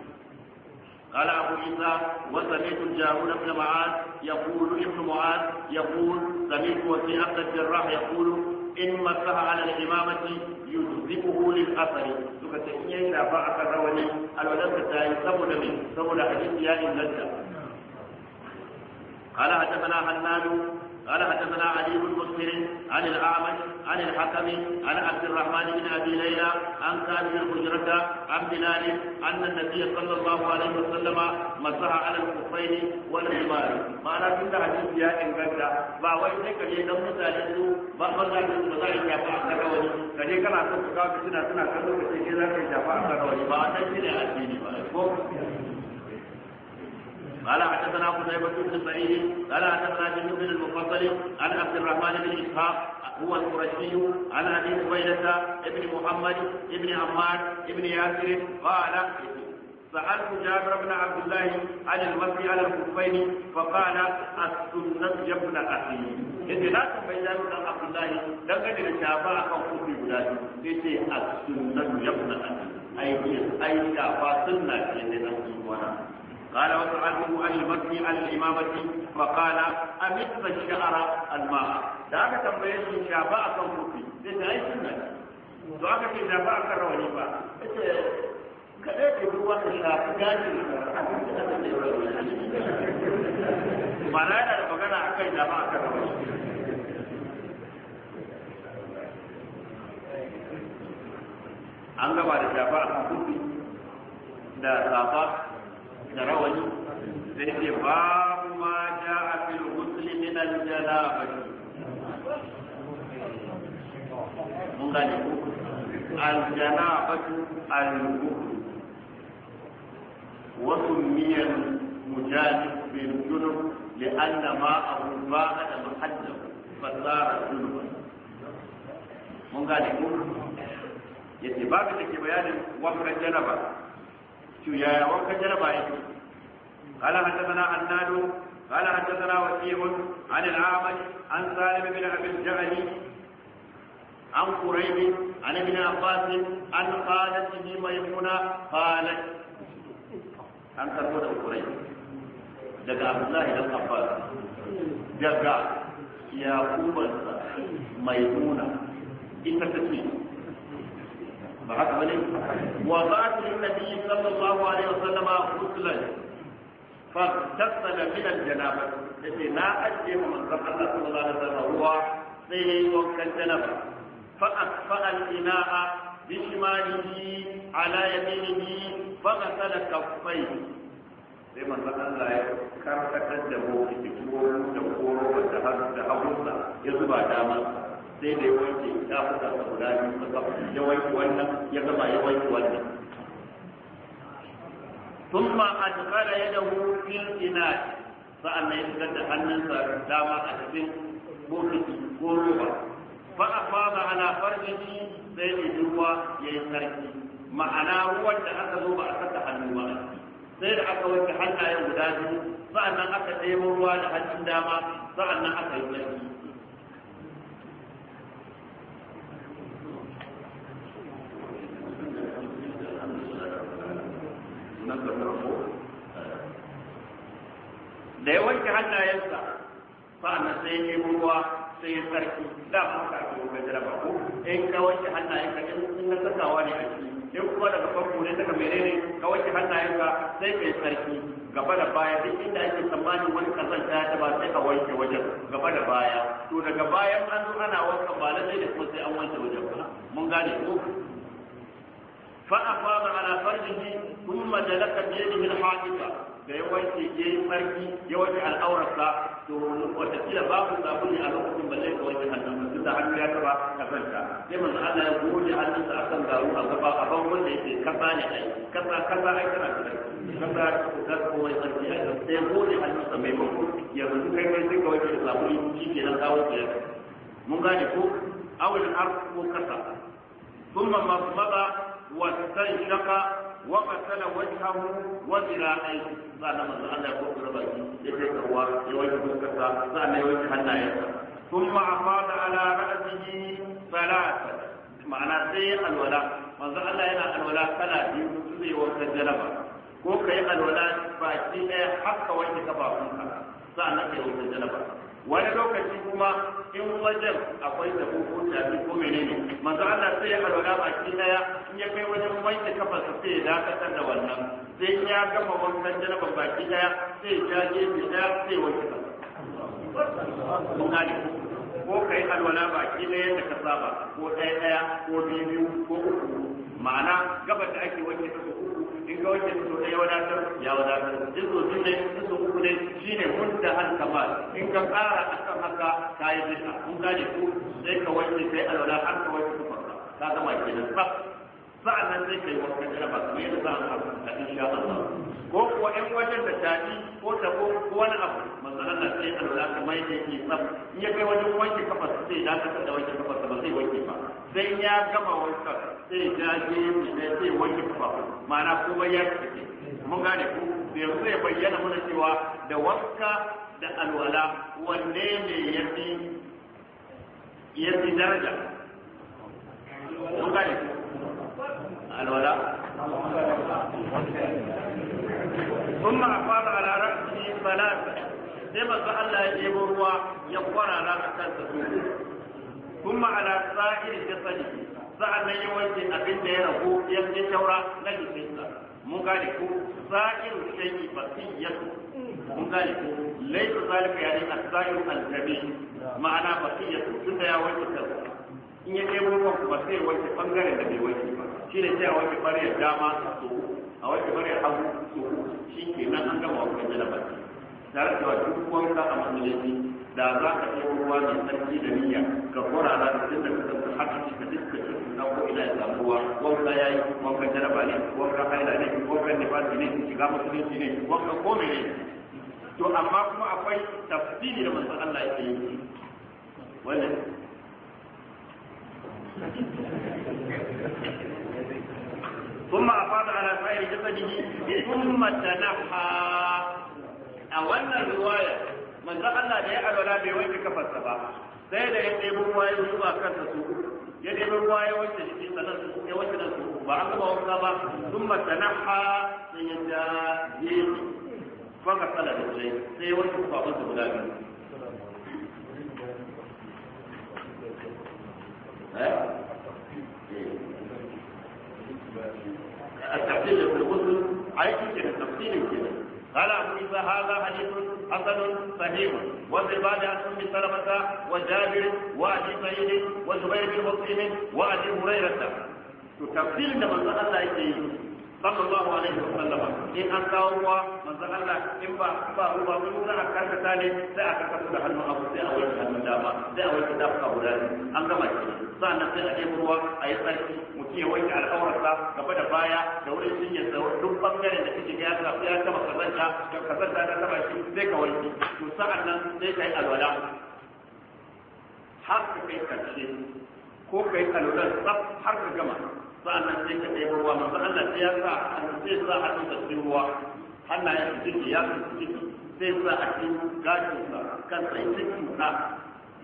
قال أبو عيسى وسمعت الجارون بن معاذ يقول ابن معاذ يقول سمعت وفي عبد الجراح يقول إن مسح على الإمامة يجذبه للأثر سكت إيه شافع كرواني الولد الثاني سمد من سمد حديث يا إن قال حدثنا حنان قال حدثنا علي بن مسلم عن الاعمش عن الحكم عن عبد الرحمن بن ابي ليلى عن سالم الهجرة عن بلال ان النبي صلى الله عليه وسلم مسح على الخفين ما لا كنت حديث يا ان كنت ba wai sai ka je dan mutane su ba ba za ka ba za ka jafa a kan wani ka je kana son ka kawo suna suna kallo ka قال حدثنا قتيبة بن سعيد قال حدثنا جند بن المفضل عن عبد الرحمن بن إسحاق هو القرشي عن أبي قبيلة ابن محمد ابن عمار ابن ياسر قال سألت جابر بن عبد الله عن المسجد على الكفين فقال السنة يا ابن أخي yace لا tambayi da dan Abdullahi dan gani da shafa akan kofi guda biyu sai أخي أي sunnatu yabna an ai ai shafa قال وسألته أن يبني عن الإمامة وقال أمد الشعر الماء ذاك تنبيه شعباء صوتي ليس أي سنة دعك في شعباء كرواني با كذلك هو كشافكات معناه أنا بقنا أكيد ما كرواني an gaba da shafa a da safa da rawani a ce babu ma ja'a fil ghusl min al janabati mun gane ku al janabatu al ghusl wa sumiyal mujahid bil junub فصار جنبا mun gane ko yace babu da ke bayanin janaba to yaya wankan janaba yake qala hadathana annadu qala hadathana wasi'un an al-a'mash an salim bin عن قريب عن ابن عباس mai خالته ميمونه قالت an karbo da kurai daga abdullahi dan abbas daga yakubansa mai nuna ita ta ba haka bane wa ba'athu an-nabiy sallallahu alaihi wasallama ghuslan fa tasala min al-janaba na ajiye mu manzon Allah sallallahu alaihi wasallam sai yayi wankan janaba fa asfa ala sai manzon Allah ya karkatar da mu cikin da koro da hagu da ya zuba damar sai da ya wanke ta fita da guda biyu ta kafa ya wanke wannan ya gama ya wanke wannan ثم ina يده في الإناء فأنا da hannunsa dama a cikin bokiti ko ruwa fa afada ala farjihi sai ya ruwa sarki ma'ana ruwan da aka zo ba a saka hannu ba sai da aka wanke hannayen guda biyu nan aka ɗaya ruwa da hannun dama nan aka yi sarki nan da farko da ya wanke hannayensa sa'annan sai ya yi ruwa sai ya sarki da ma ka ke ga ba ko in ka wanke hannayenka in na sakawa ne a ciki in kuma daga farko ne daga menene ka wanke hannayenka sai ka yi sarki gaba da baya duk inda ake tsammanin wani ta ya ba sai ka wanke wajen gaba da baya to daga bayan an zo ana wanka ba lallai da kuma sai an wanke wajen ba mun gane ko فأفاض على فرجه ثم جلس بيده الحائطة da yawanci ya yi sarki yawanci al'aurarsa to watakila babu sabuni a lokacin ba zai ga wani hannun tun da hannu ya taba kasanta sai manzo Allah ya goje hannunsa a kan garu a gaba a ban wanda yake kasa ne ai kasa kasa ai kana da kasa ta ko wani sarki ai sai ya hannunsa mai mako ya rubu kai kai sai kawai da sabuni shi ke nan kawo ya mun gane ko awil arq ko kasa ثم مضمض واستنشق وقتل وجهه وذراعيه قال من الله يقول ربي يجيك هو يوجه كذا قال يوجه الناية ثم أفاض على رأسه ثلاثة معنى سيء الولاء من الله ينا الولاء ثلاثة يجيك وكذلبا ko kai alwala baki ɗaya haka wanda ka ba kun ka sa'an nan kai wata jalaba wani lokaci kuma in wajen akwai da ko tafi ko ne manzo Allah sai ya alwala baki daya in ya kai wajen wanke kafa sai ya dakatar da wannan sai in ya gama wankan janaban baki daya sai ya jaje shi daya sai wanke kafa ko kai alwala baki ɗaya da ka saba ko ɗaya ɗaya ko biyu ko uku ma'ana gabata da ake wanke ta uku in ka wanke su ɗaya wadatar ya wadatar in so biyu ne in so uku ne shi ne mun da hal kamar in ka ƙara a kan haka ka yi bid'a kun gane ku sai ka wanke sai alwala har ka wanke ku ka gama kenan ba sa'annan zai kai wanka jaraba su yadda za a ta insha Allah ko kuwa in wajen da tafi ko ta ko wani abu masalan da sai an zaka mai da yake tsaf in ya kai wajen wanke kafa sai da ka da wanke kafa ba sai wanke ba sai ya gama wanka sai ya je ne sai wanke kafa ma'ana ko ya fice mun gane ku yanzu ya bayyana mana cewa da wanka da alwala wanne ne yafi yafi daraja mun gane ku alwala ثم أفاض على رأسه ثلاثة لما قال الله يجيب الروا على رأسه ثم على سائر جسده sa'an nan ya wanke abin da ya rabu ya ce shaura na jikinsa mun gane ko sa'iru shayi basiyatu mun gane ko laifin zalika ya ne a sa'iru aljabi ma'ana ya wanke kansa in ya kai wani wasu ba sai wace bangare da bai wace ba shi ne cewa wace bariyar dama so a wace bariyar hagu so shi ke nan an gama wankan jalabar tare da duk wanka a matsalaci da za ka ɗebo ruwa mai tsarki da niyya ka kora da duk da kasance haka shi ka duka cikin na ko ina ya samu ruwa wanka ya yi wankan jalaba ne wankan haila ne wankan nifasi ne shiga musulunci ne wankan kome ne to amma kuma akwai tafsiri da masu Allah ya yi wannan ثم أفاض على A wannan ثم تنحى أولا الرواية من ذا الله ده يقعد ولا بيوين كفر سبا sai da ya ɗebo ruwa ya zuba kansa su ya ɗebo ruwa ya wanke shi sannan ya wanke da su ba an zuba wanka ba sun mata na ha sai ya da ya yi faka sala da sai sai ya wanke kwabansa guda biyu التفصيل في الغسل عيش كده تفصيل كده قال أبو عيسى هذا حديث حسن صحيح وفي بعض عن أم سلمة وجابر وأبي سعيد وزبير بن مسلم وأبي هريرة تفصيل لما الله يجيب sallallahu alaihi wa sallam in an kawo ruwa manzon Allah in ba ba ruwa mun nuna a karkata ne sai a kafa da hannu abu sai a wanke hannun dama sai a wani da ka guda an gama shi sannan sai a ɗebi ruwa a yi tsarki mutum ya wanke al'aurarsa gaba da baya da wurin jinyar da duk bangaren da kike ya ga ya ka kazanta ka kazanta da taba shi sai ka wanke to sa'annan sai kai alwala har ka kai karshe ko kai alwala tsaf har ka gama sa'annan sai ka ɗebo ruwa manzo Allah sai ya sa sai sa hannu da cikin ruwa hannayen su ya su ciki sai sa a cikin gashin sa kan sai ciki na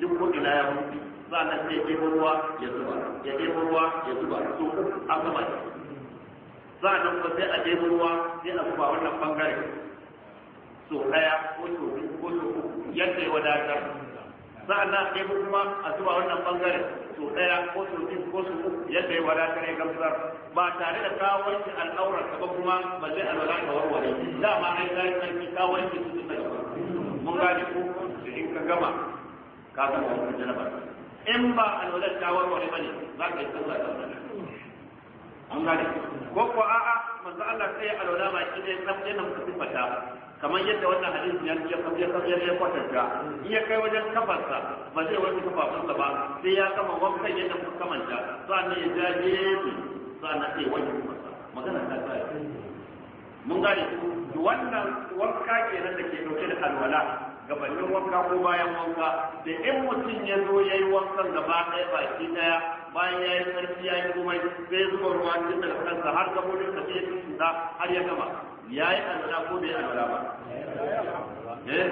duk ko ila ya mutu sa'annan sai ya ɗebo ruwa ya zuba ya ɗebo ruwa ya zuba to a sama ne sa'annan ko sai a ɗebo ruwa sai a zuba wannan bangare so ɗaya ko so biyu ko so uku yadda ya wadatar sa'annan a ɗebo kuma a zuba wannan bangaren to ɗaya ko su biyu ko su uku yadda ya wadatar ya gamsar ba tare da kawanci al'aurar ka ba kuma ba zai alwala ka warware dama ai za ka yi kawanci su suka gaba mun gane ko da in ka gama ka gama wannan janabar in ba alwalar ta warware ba ne za ka yi sallah sallah an gane ko ko a'a manzo Allah sai ya alwala ba shi ne kan yana muka kamar yadda wannan hadisi ya ya kafiya kafiya ya kwatanta in ya kai wajen kafarsa ba zai wani kafafunsa ba sai ya kama wankan yadda muka kamanta sa'annan ya ja gefe sa'annan sai wani magana ta ta mun gane wannan wanka kenan da ke dauke da alwala gabanin wanka ko bayan wanka da in mutum ya zo ya da wankan gaba ɗaya shi ɗaya bayan ya yi sarki ya yi komai sai zuba ruwa cikin daga kansa har bude sa sai ya cuta har ya gama ya yi alwala ko bai alwala ba eh?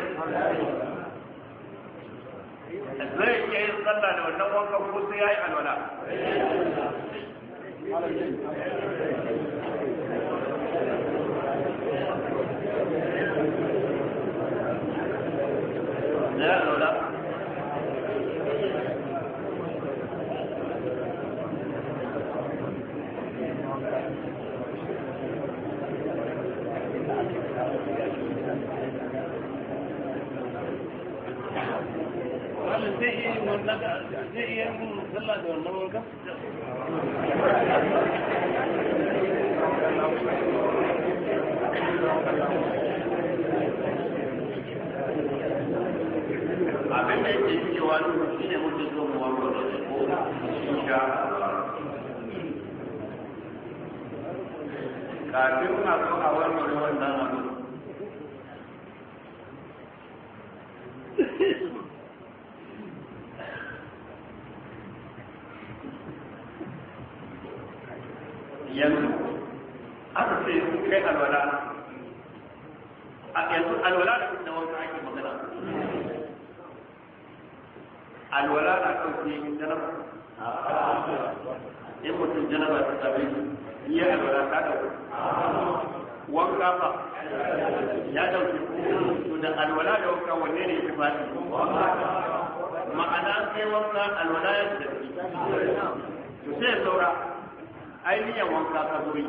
zai iya yin sallah da wannan wankan ko sai ya yi alwala ya alwala zai iya yin da yanzu aka ce kai alwala a yanzu alwala da kuma wanka ake magana alwala na yin janaba in mutum janaba ta same shi iya alwala ta ɗauke wanka ba ya ɗauke to da alwala da wanka wanne ne ya faɗi ma'ana sai wanka alwala ya tafi to sai saura ai niyan wanka ta zo yi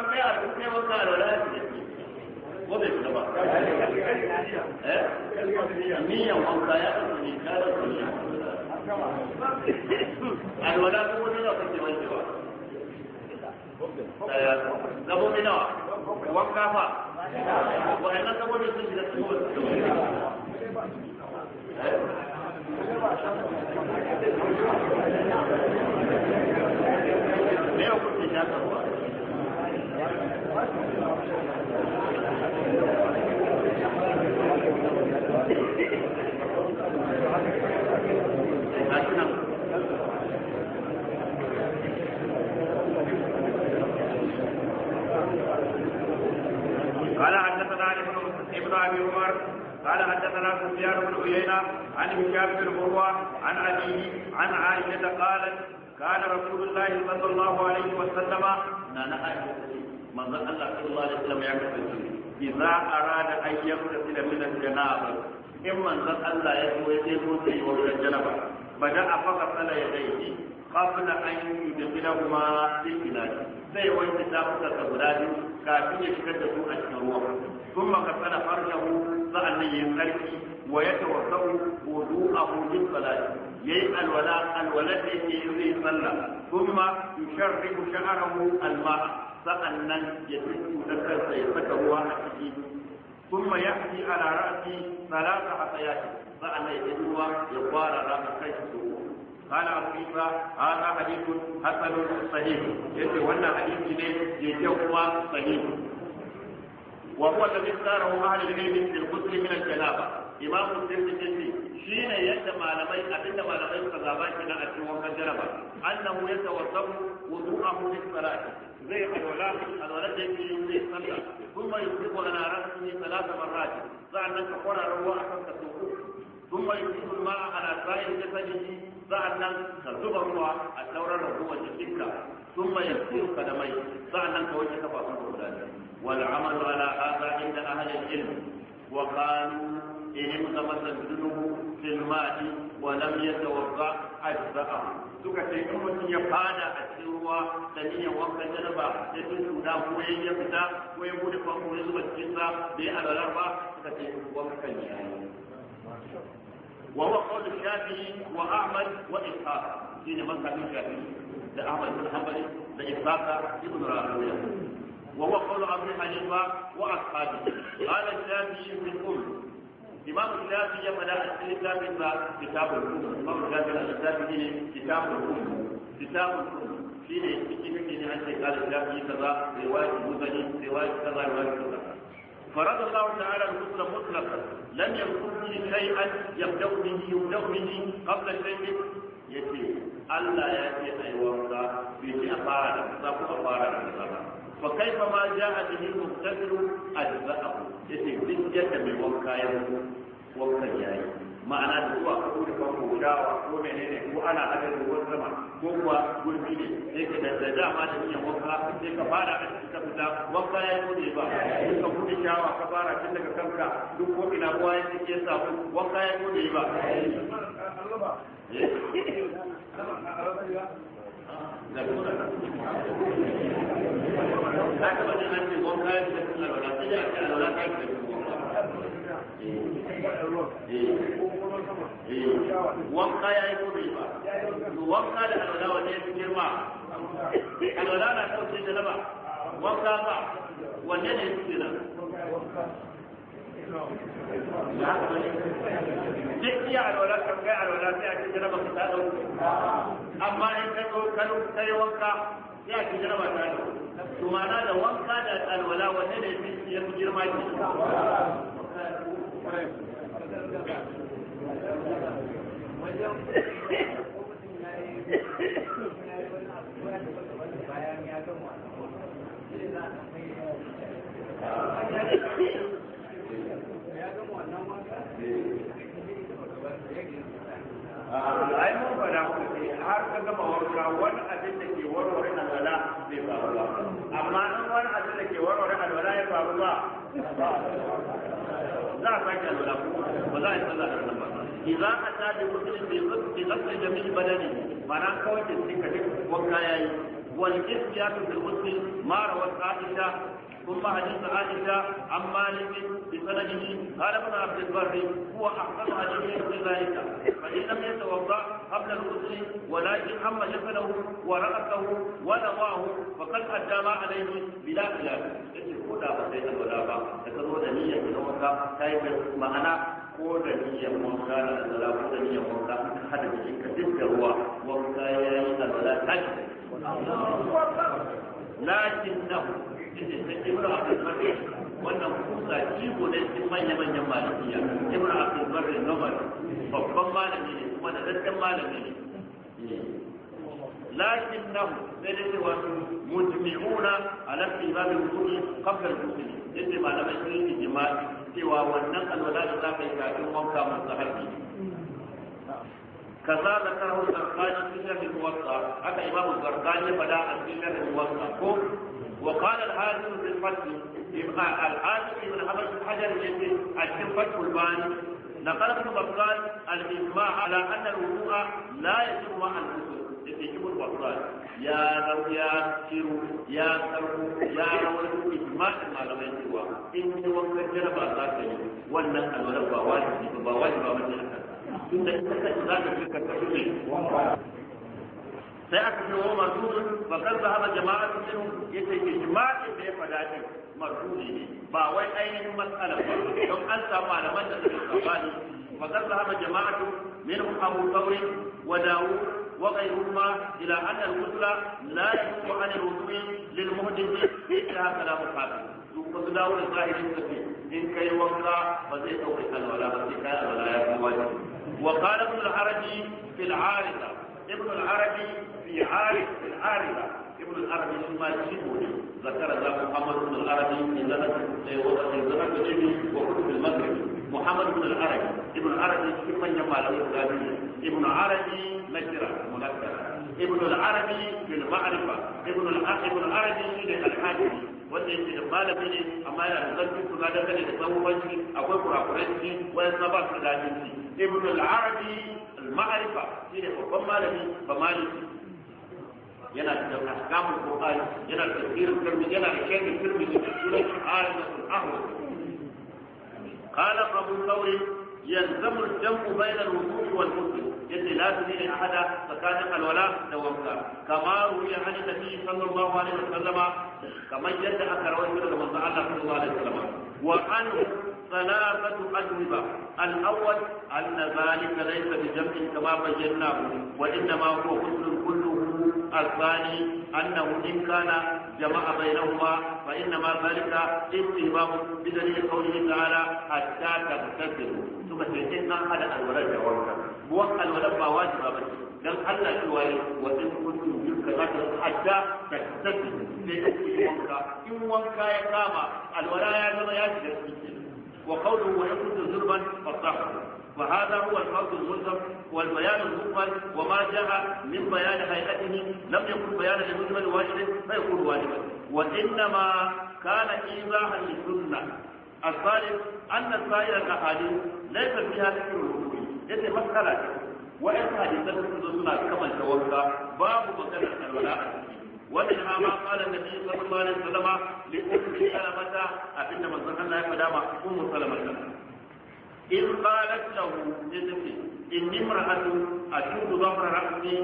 an a duk neman ka da lafiya ko bai kula ba eh? wanka ya ne ka da ba eh, nawa wanka fa wa'annan sun shiga wani eh? قال حدثنا عن ابن ابي عمر قال حدثنا سفيان بن عيينه عن هشام بن عروه عن ابيه عن عائشه قالت كان رسول الله صلى الله عليه وسلم نهى manzon Allah sallallahu alaihi wasallam ya shi idza arada an da min al-janaba in manzon Allah ya so ya je ko sai wuce janaba bada afaka sala ya dai qabla an huma fi bilad sai wanda ta fuka ta guda biyu kafin ya shigar da su a cikin ruwa ka ثم غسل فرجه فأن ينقلب ويتوضأ وضوءه salati yayi alwala alwala da yake yi sallah kuma yusharribu sha'arahu alma Sa'annan, nan ya ce da kansa ya saka ruwa a ciki Kuma ya fi a rarrafi salata a tsaya shi sa’an nan ya ruwa ya fara rana kai shi tuwo kana abubuwa a ta hadisun hasanun sahihu ya wannan hadisi ne ya ce kuma sahihu wa kuwa ta fi tsara wa hannun ne ne da kusurin minan jana'a imam musulmi ne ne shine yadda malamai abinda malamai suka zaba kenan a cikin wankan jaraba annahu yatawassabu wudu'ahu lis salati zai alwala alwala da yake yin zai sallah kuma tsala ta ra'sihi Za a nan ka kora ruwa akan ka tuku kuma yusibu ma'a ala Za a nan ka zuba ruwa a sauran ruwan jikinka ثم يغسل قدميه سعنا كوجه كفاف القرآن والعمل على هذا عند أهل العلم وقالوا إن امتمس الذنوب في الماء ولم يتوقع أجزأه suka ce in mutum ya fada a cikin ruwa da niyyar wankan janaba ya sun cuta ko ya fita ko ya bude famfo ya zuba cikin sa da ya alalar ba suka ce wanka ya yi wa qawlu shafi wa ahmad wa shine da ahmad bin hanbali da ibn rawiya وهو قول أبي حنيفة وأصحابه قال الشافعي في القول إمام الشافعي يبدأ الكتاب كتاب الأم إمام الشافعي كتاب الأم كتاب الأم كتاب ne cikin في an ce قال shafi كذا روايه muzani روايه كذا riwayi kaza فرد الله تعالى الغسل مطلقا لم يكن فيه شيئا يبدا به يبدا به قبل شيء يتي الا ياتي اي وقت في افعال تصاب افعال الغسل فكيف ما جاء به المغتسل أجزأه يتي بجة من وكاية وكاية ma'ana da zuwa ka kuɗi kan ko dawa ko menene ko ana hada da ruwan sama ko kuwa gurbi ne sai ka da dama da a wanka sai ka fara a cikin kafita wanka ya yi kuɗi ba sai ka kuɗi ka fara tun daga kanka duk ko ina kowa ya cike wanka ya yi kuɗi ba. Eh. Eh. Eh. wanka ya yi kudi ba wanka da alwala girma alwala na kauce da laba wanka ba wanne ne ya fi girma duk iya alwala kan kai alwala sai a cikin jaraba ta dauke amma in ka zo ka yi wanka sai a cikin jaraba ta dauke to da wanka da alwala wanne da ya fi girma ke wanka faru ba za a sake alwala ba za a yi sallah da wannan ba idza ata bi muslim bi qasdi qasdi jamil badani mana kawai ke cikin wanka yayi wal kisbiyatu bil muslim ma rawat aisha ثم حديث عائشة عن مالك بسنده قال ابن عبد البر هو أحسن حديث في ذلك فإن لم يتوضأ قبل الغسل ولكن حمى جسده ورأسه ونواه فقد أدى ما عليه بلا خلاف. Ko da ba sai alwala ba, da ka zo da niyyar ki na wanka, ta yi ma'ana ko da niyyar wanka da alwala ko da niyyar wanka hada jikin ka duk da ruwa wanka ya yi alwala ta ki. Lakin nahu cikin ibra abdul barri wannan kusa jigo ne cikin manya-manyan malikiya ibra abdul barri nomad babban malami ne kuma da daddan malami ne lakin nan sai dai cewa mujmi'una ala ba wudhu qabla al-ghusl yace malamai sun yi jima'i cewa wannan alwala da zaka yi kafin wanka musahabi kaza da karo sarkani cikin muwatta haka imamu sarkani ya fada a cikin muwatta ko وقال الحاكم في الفتح الحاكم بن حجر في فتح الباني نقل ابن بطال الاجماع على ان الوضوء لا يجب مع الغسل يجب البطال يا لو يا كيرو يا سرو يا لو اجماع المعلمين سوى ان وقت جنب الله كريم وان الولد واجب واجب ومن تunda ita تتكلم za ta sai aka fi wa marzudun ba kan zahaba jama'a cikin ya ce ijma'in da ya fada ne marzudi ne ba wai ainihin matsala ba don an samu malaman da suka sabani ba kan zahaba jama'a min abu sauri wa dawud وغيرهما إلى أن الغسل لا يجوز عن الوضوء للمحدث إلا كلام الحاكم يقصد داول الظاهر الكثير إن كي وقع فزي توقف ولا فزي ولا يكون وقال ابن العربي في العارضة ابن العربي في عارف العارفة ابن العربي شما تشبه ذكر ذا محمد بن العربي وذكر جميع وكتب المغرب محمد بن العربي ابن العربي شما يما له ابن العربي مجرى مذكر ابن العربي في بالمعرفة ابن العربي في الحاكم wanda yake da malami ne amma yana da zarfin kuma da kane da tsawuwanci akwai kurakuranci wani na ba su da ibn al-arabi al marifa shine babban malami ba malami yana da ahkamul qur'ani yana da tafsirul tirmidhi yana da shaykhul tirmidhi sunan ahadul ahwal qala abu thawri يلزم الجمع بين الوضوء والغسل يلي لا تزيد احد فكان الولاء دوامك كما روي عن النبي صلى الله عليه وسلم كما يدعى كروي من الله صلى الله عليه وسلم وعنه ثلاثة أجوبة الأول أن ذلك ليس بجمع كما بيناه وإنما هو غسل كله الثاني أنه إن كان جمع بينهما فإنما ذلك استهباب بدليل قوله تعالى حتى تغتسلوا ثم تجدنا على الولد جوابك موقع الولد واجب أبدا dan Allah cewa yi wajen kuntu yin kaza da hatta da tafi da yake wanka in wanka ya kama alwala ya zama ya shiga cikin wa qawluhu wa فهذا هو الفرق الملزم والبيان المجمل وما جاء من بيان هيئته لم يكن بيانا لمجمل واجب فيكون واجبا وانما كان ايضاحا للسنه الثالث ان سائر الاحاديث ليس فيها ذكر الوضوء يجب مساله وإن حديثا سنة كما توفى باب مكان الولاء ومنها ما قال النبي صلى الله عليه وسلم لأم سلمة أبن من سكن لا يفدام أم سلمة إذ قالت له جسمي إني امرأة أشد ظهر رأسي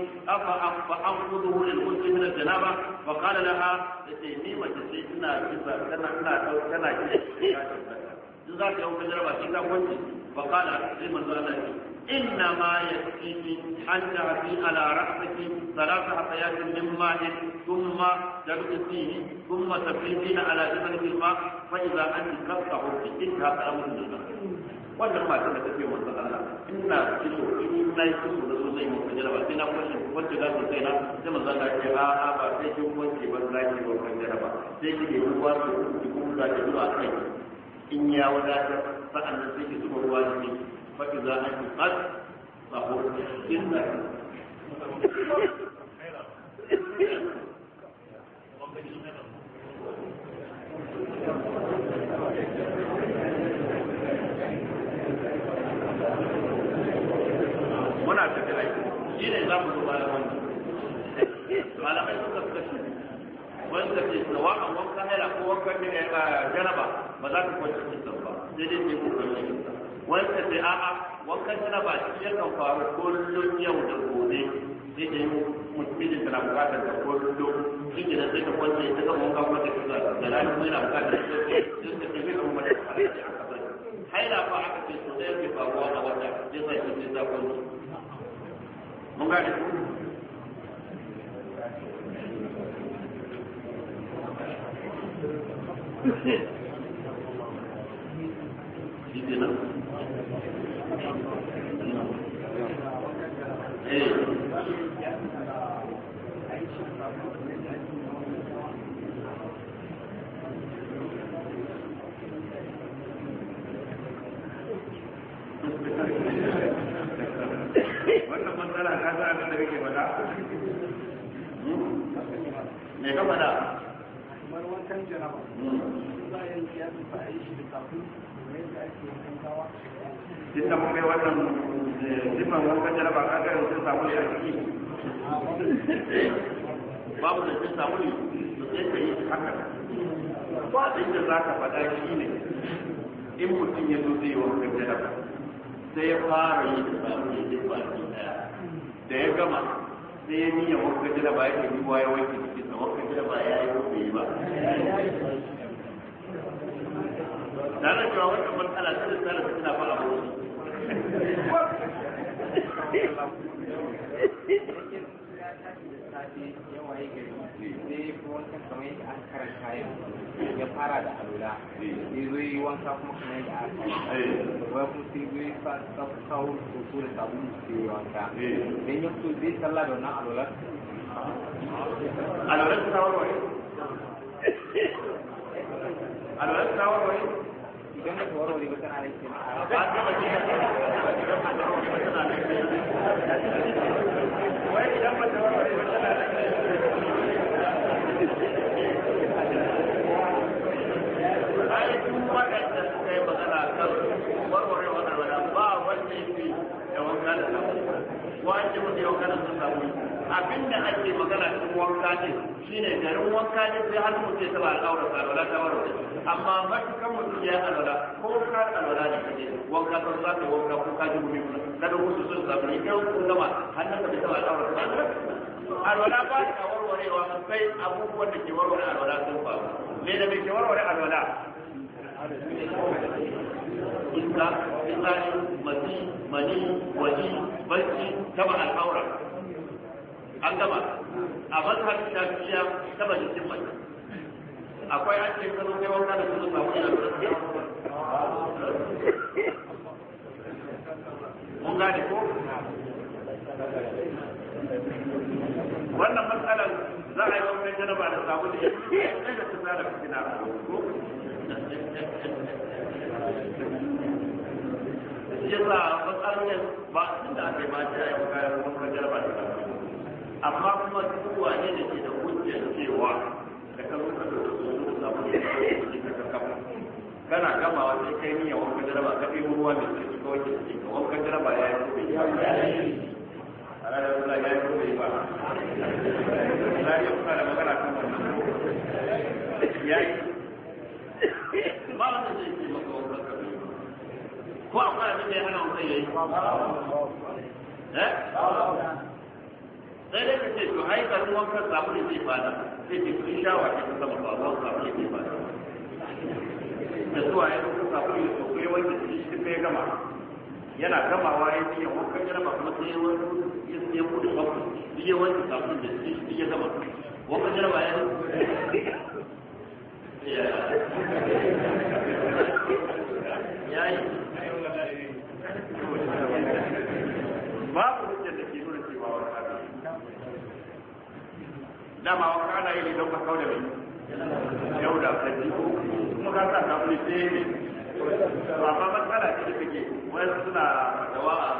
فأنقذه للغسل من الجنابة وقال لها إني ما تسيتنا كذا كنا كنا كنا كذا كذا يوم الجنابة كذا وانت فقال لمن قال إنما يكفيك أن تعفي على رأسك ثلاث حطيات من ماء ثم تغسليه ثم تفيدين على جبل الماء فإذا أنت قد تعفي انتهى كلام الماء wannan matan da take manzo Allah ina kiso in na yi kiso da so zai mutu jaraba sai na kwashe wacce za su sai na sai manzo Allah ce a a ba sai kin wanke ba za ki wanke jaraba sai ki ne ruwa ki kuma za ki zuwa kai in ya wadatar sa'an nan sai ki zuba ruwa ne ki fa za a ki fat ba ko kin da Thank you. za mu duba da wannan suka suka shi wanda ke sawa'an wanka haila ko wanka eh, ne ba za ka kwanci cikin ba sai dai ke kokarin wanda a'a shi faru yau da gobe sai mutumin da na bukatar da shi da sai ka kwanci wanka kuma ta kusa da bukatar da ka tafi haila ba aka ce sosai faruwa a wata ya sai ta kwanci Moun gade pou. Pou se? Moun gade pou. Moun gade pou. Moun gade pou. me ka faɗa kamar wancan jaraba hmm. za a yanki ya tufa a yi shi da kafin da yadda ake eh, wankan gawa tun da muka yi wannan jimman wankan jaraba ka ga yanzu samu ya ciki babu da cin samu ne da sai ka yi haka ba da za ka faɗa shi ne in mutum ya zo zai yi wankan jaraba sai ya fara yi da samu ne duk baki da ya gama sai ya niyya wanka jina ba ya yi ruwa ya wanke jikin sa wanka jina ba ya yi yi ba da na cewa wannan matsala ta da tsara suna fa yawa ya gari sai kamar an karanta yau ya fara da alula sai zai yi wanka kuma kuma yadda aka yi ba kuma sai zai sawo soso da sabulu sai yi wanka dan ya fito zai sallah da wannan alula alula ta warware alula ta warware idan ba ta warware ba tana nan kenan ba ta ba ta ba tana wai idan ba ba tana wace mutu yau kanan sun samu abinda ake magana cikin wanka ne shine garin wanka ne sai har mutu ya taba al'aura sa alwala ta warware amma matukan mutum ya alwala ko ka alwala ne kaje wanka sun za ka wanka ko ka ji gumi na da wasu sun samu ne kai kun gama hannun ka bai taba al'aura sa alwala ba ta warwarewa sai abubuwan da ke warware alwala sun faru me da bai ke warware alwala iska fitsari mati mani waji barci taba al'aura an gama a mazhar shafiya taba cikin mace akwai an ce kano kai wanda da kuma samu yana mun gane ko wannan matsalar za a yi jana ba da sabu da ya da ta zara fitina ko ya sa matsalolin ba tun da aka yi ma ta yau kayan kuma jarba da amma kuma duk wane ke da hujjar cewa da ka zo ka zo da su da samu da ka ka kafa kana gama wata kai Ya wanka jarba ka ruwa da ke cika wanke da cika wanka jarba ya yi kuma ya yi a ranar kula ya yi kuma ba yi kuma da magana kan wannan ya yi ba wanda zai ce maka ko akwai da ya hana yayi eh sai ce to ai ka ruwan samu ne zai fada sai ce kun sha wa kin sama ba ruwan samu ne zai fada da zuwa ya samu ne to kai wanda shi gama yana gamawa ya kan yana ba kuma sai ya wani ya sai ya shi ya wani samu shi ya gama ya ya yi dama wa kana yi don ka kauda mai yau da ka ji kuma ka sa samu ne sai ne to amma matsala ce da wani suna dawa a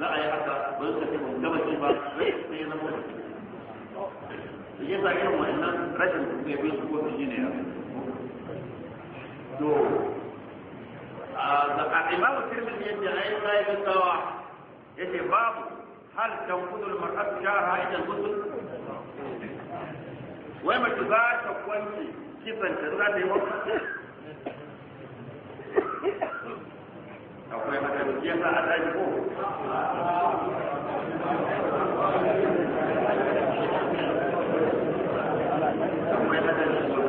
za a yi haka ba su tafi mun gaba ce ba sai na mutu su yi sa irin wannan rashin kuma bai su kofi shi ne ya to a imamu tirmidhi yace ai sai gaggawa yace babu hal tanqudu al-mar'atu sha'raha ila al-ghusl wai mace za ta kwanci kisan ta za ta yi wanka akwai haka da kiyasa a daji ko akwai haka da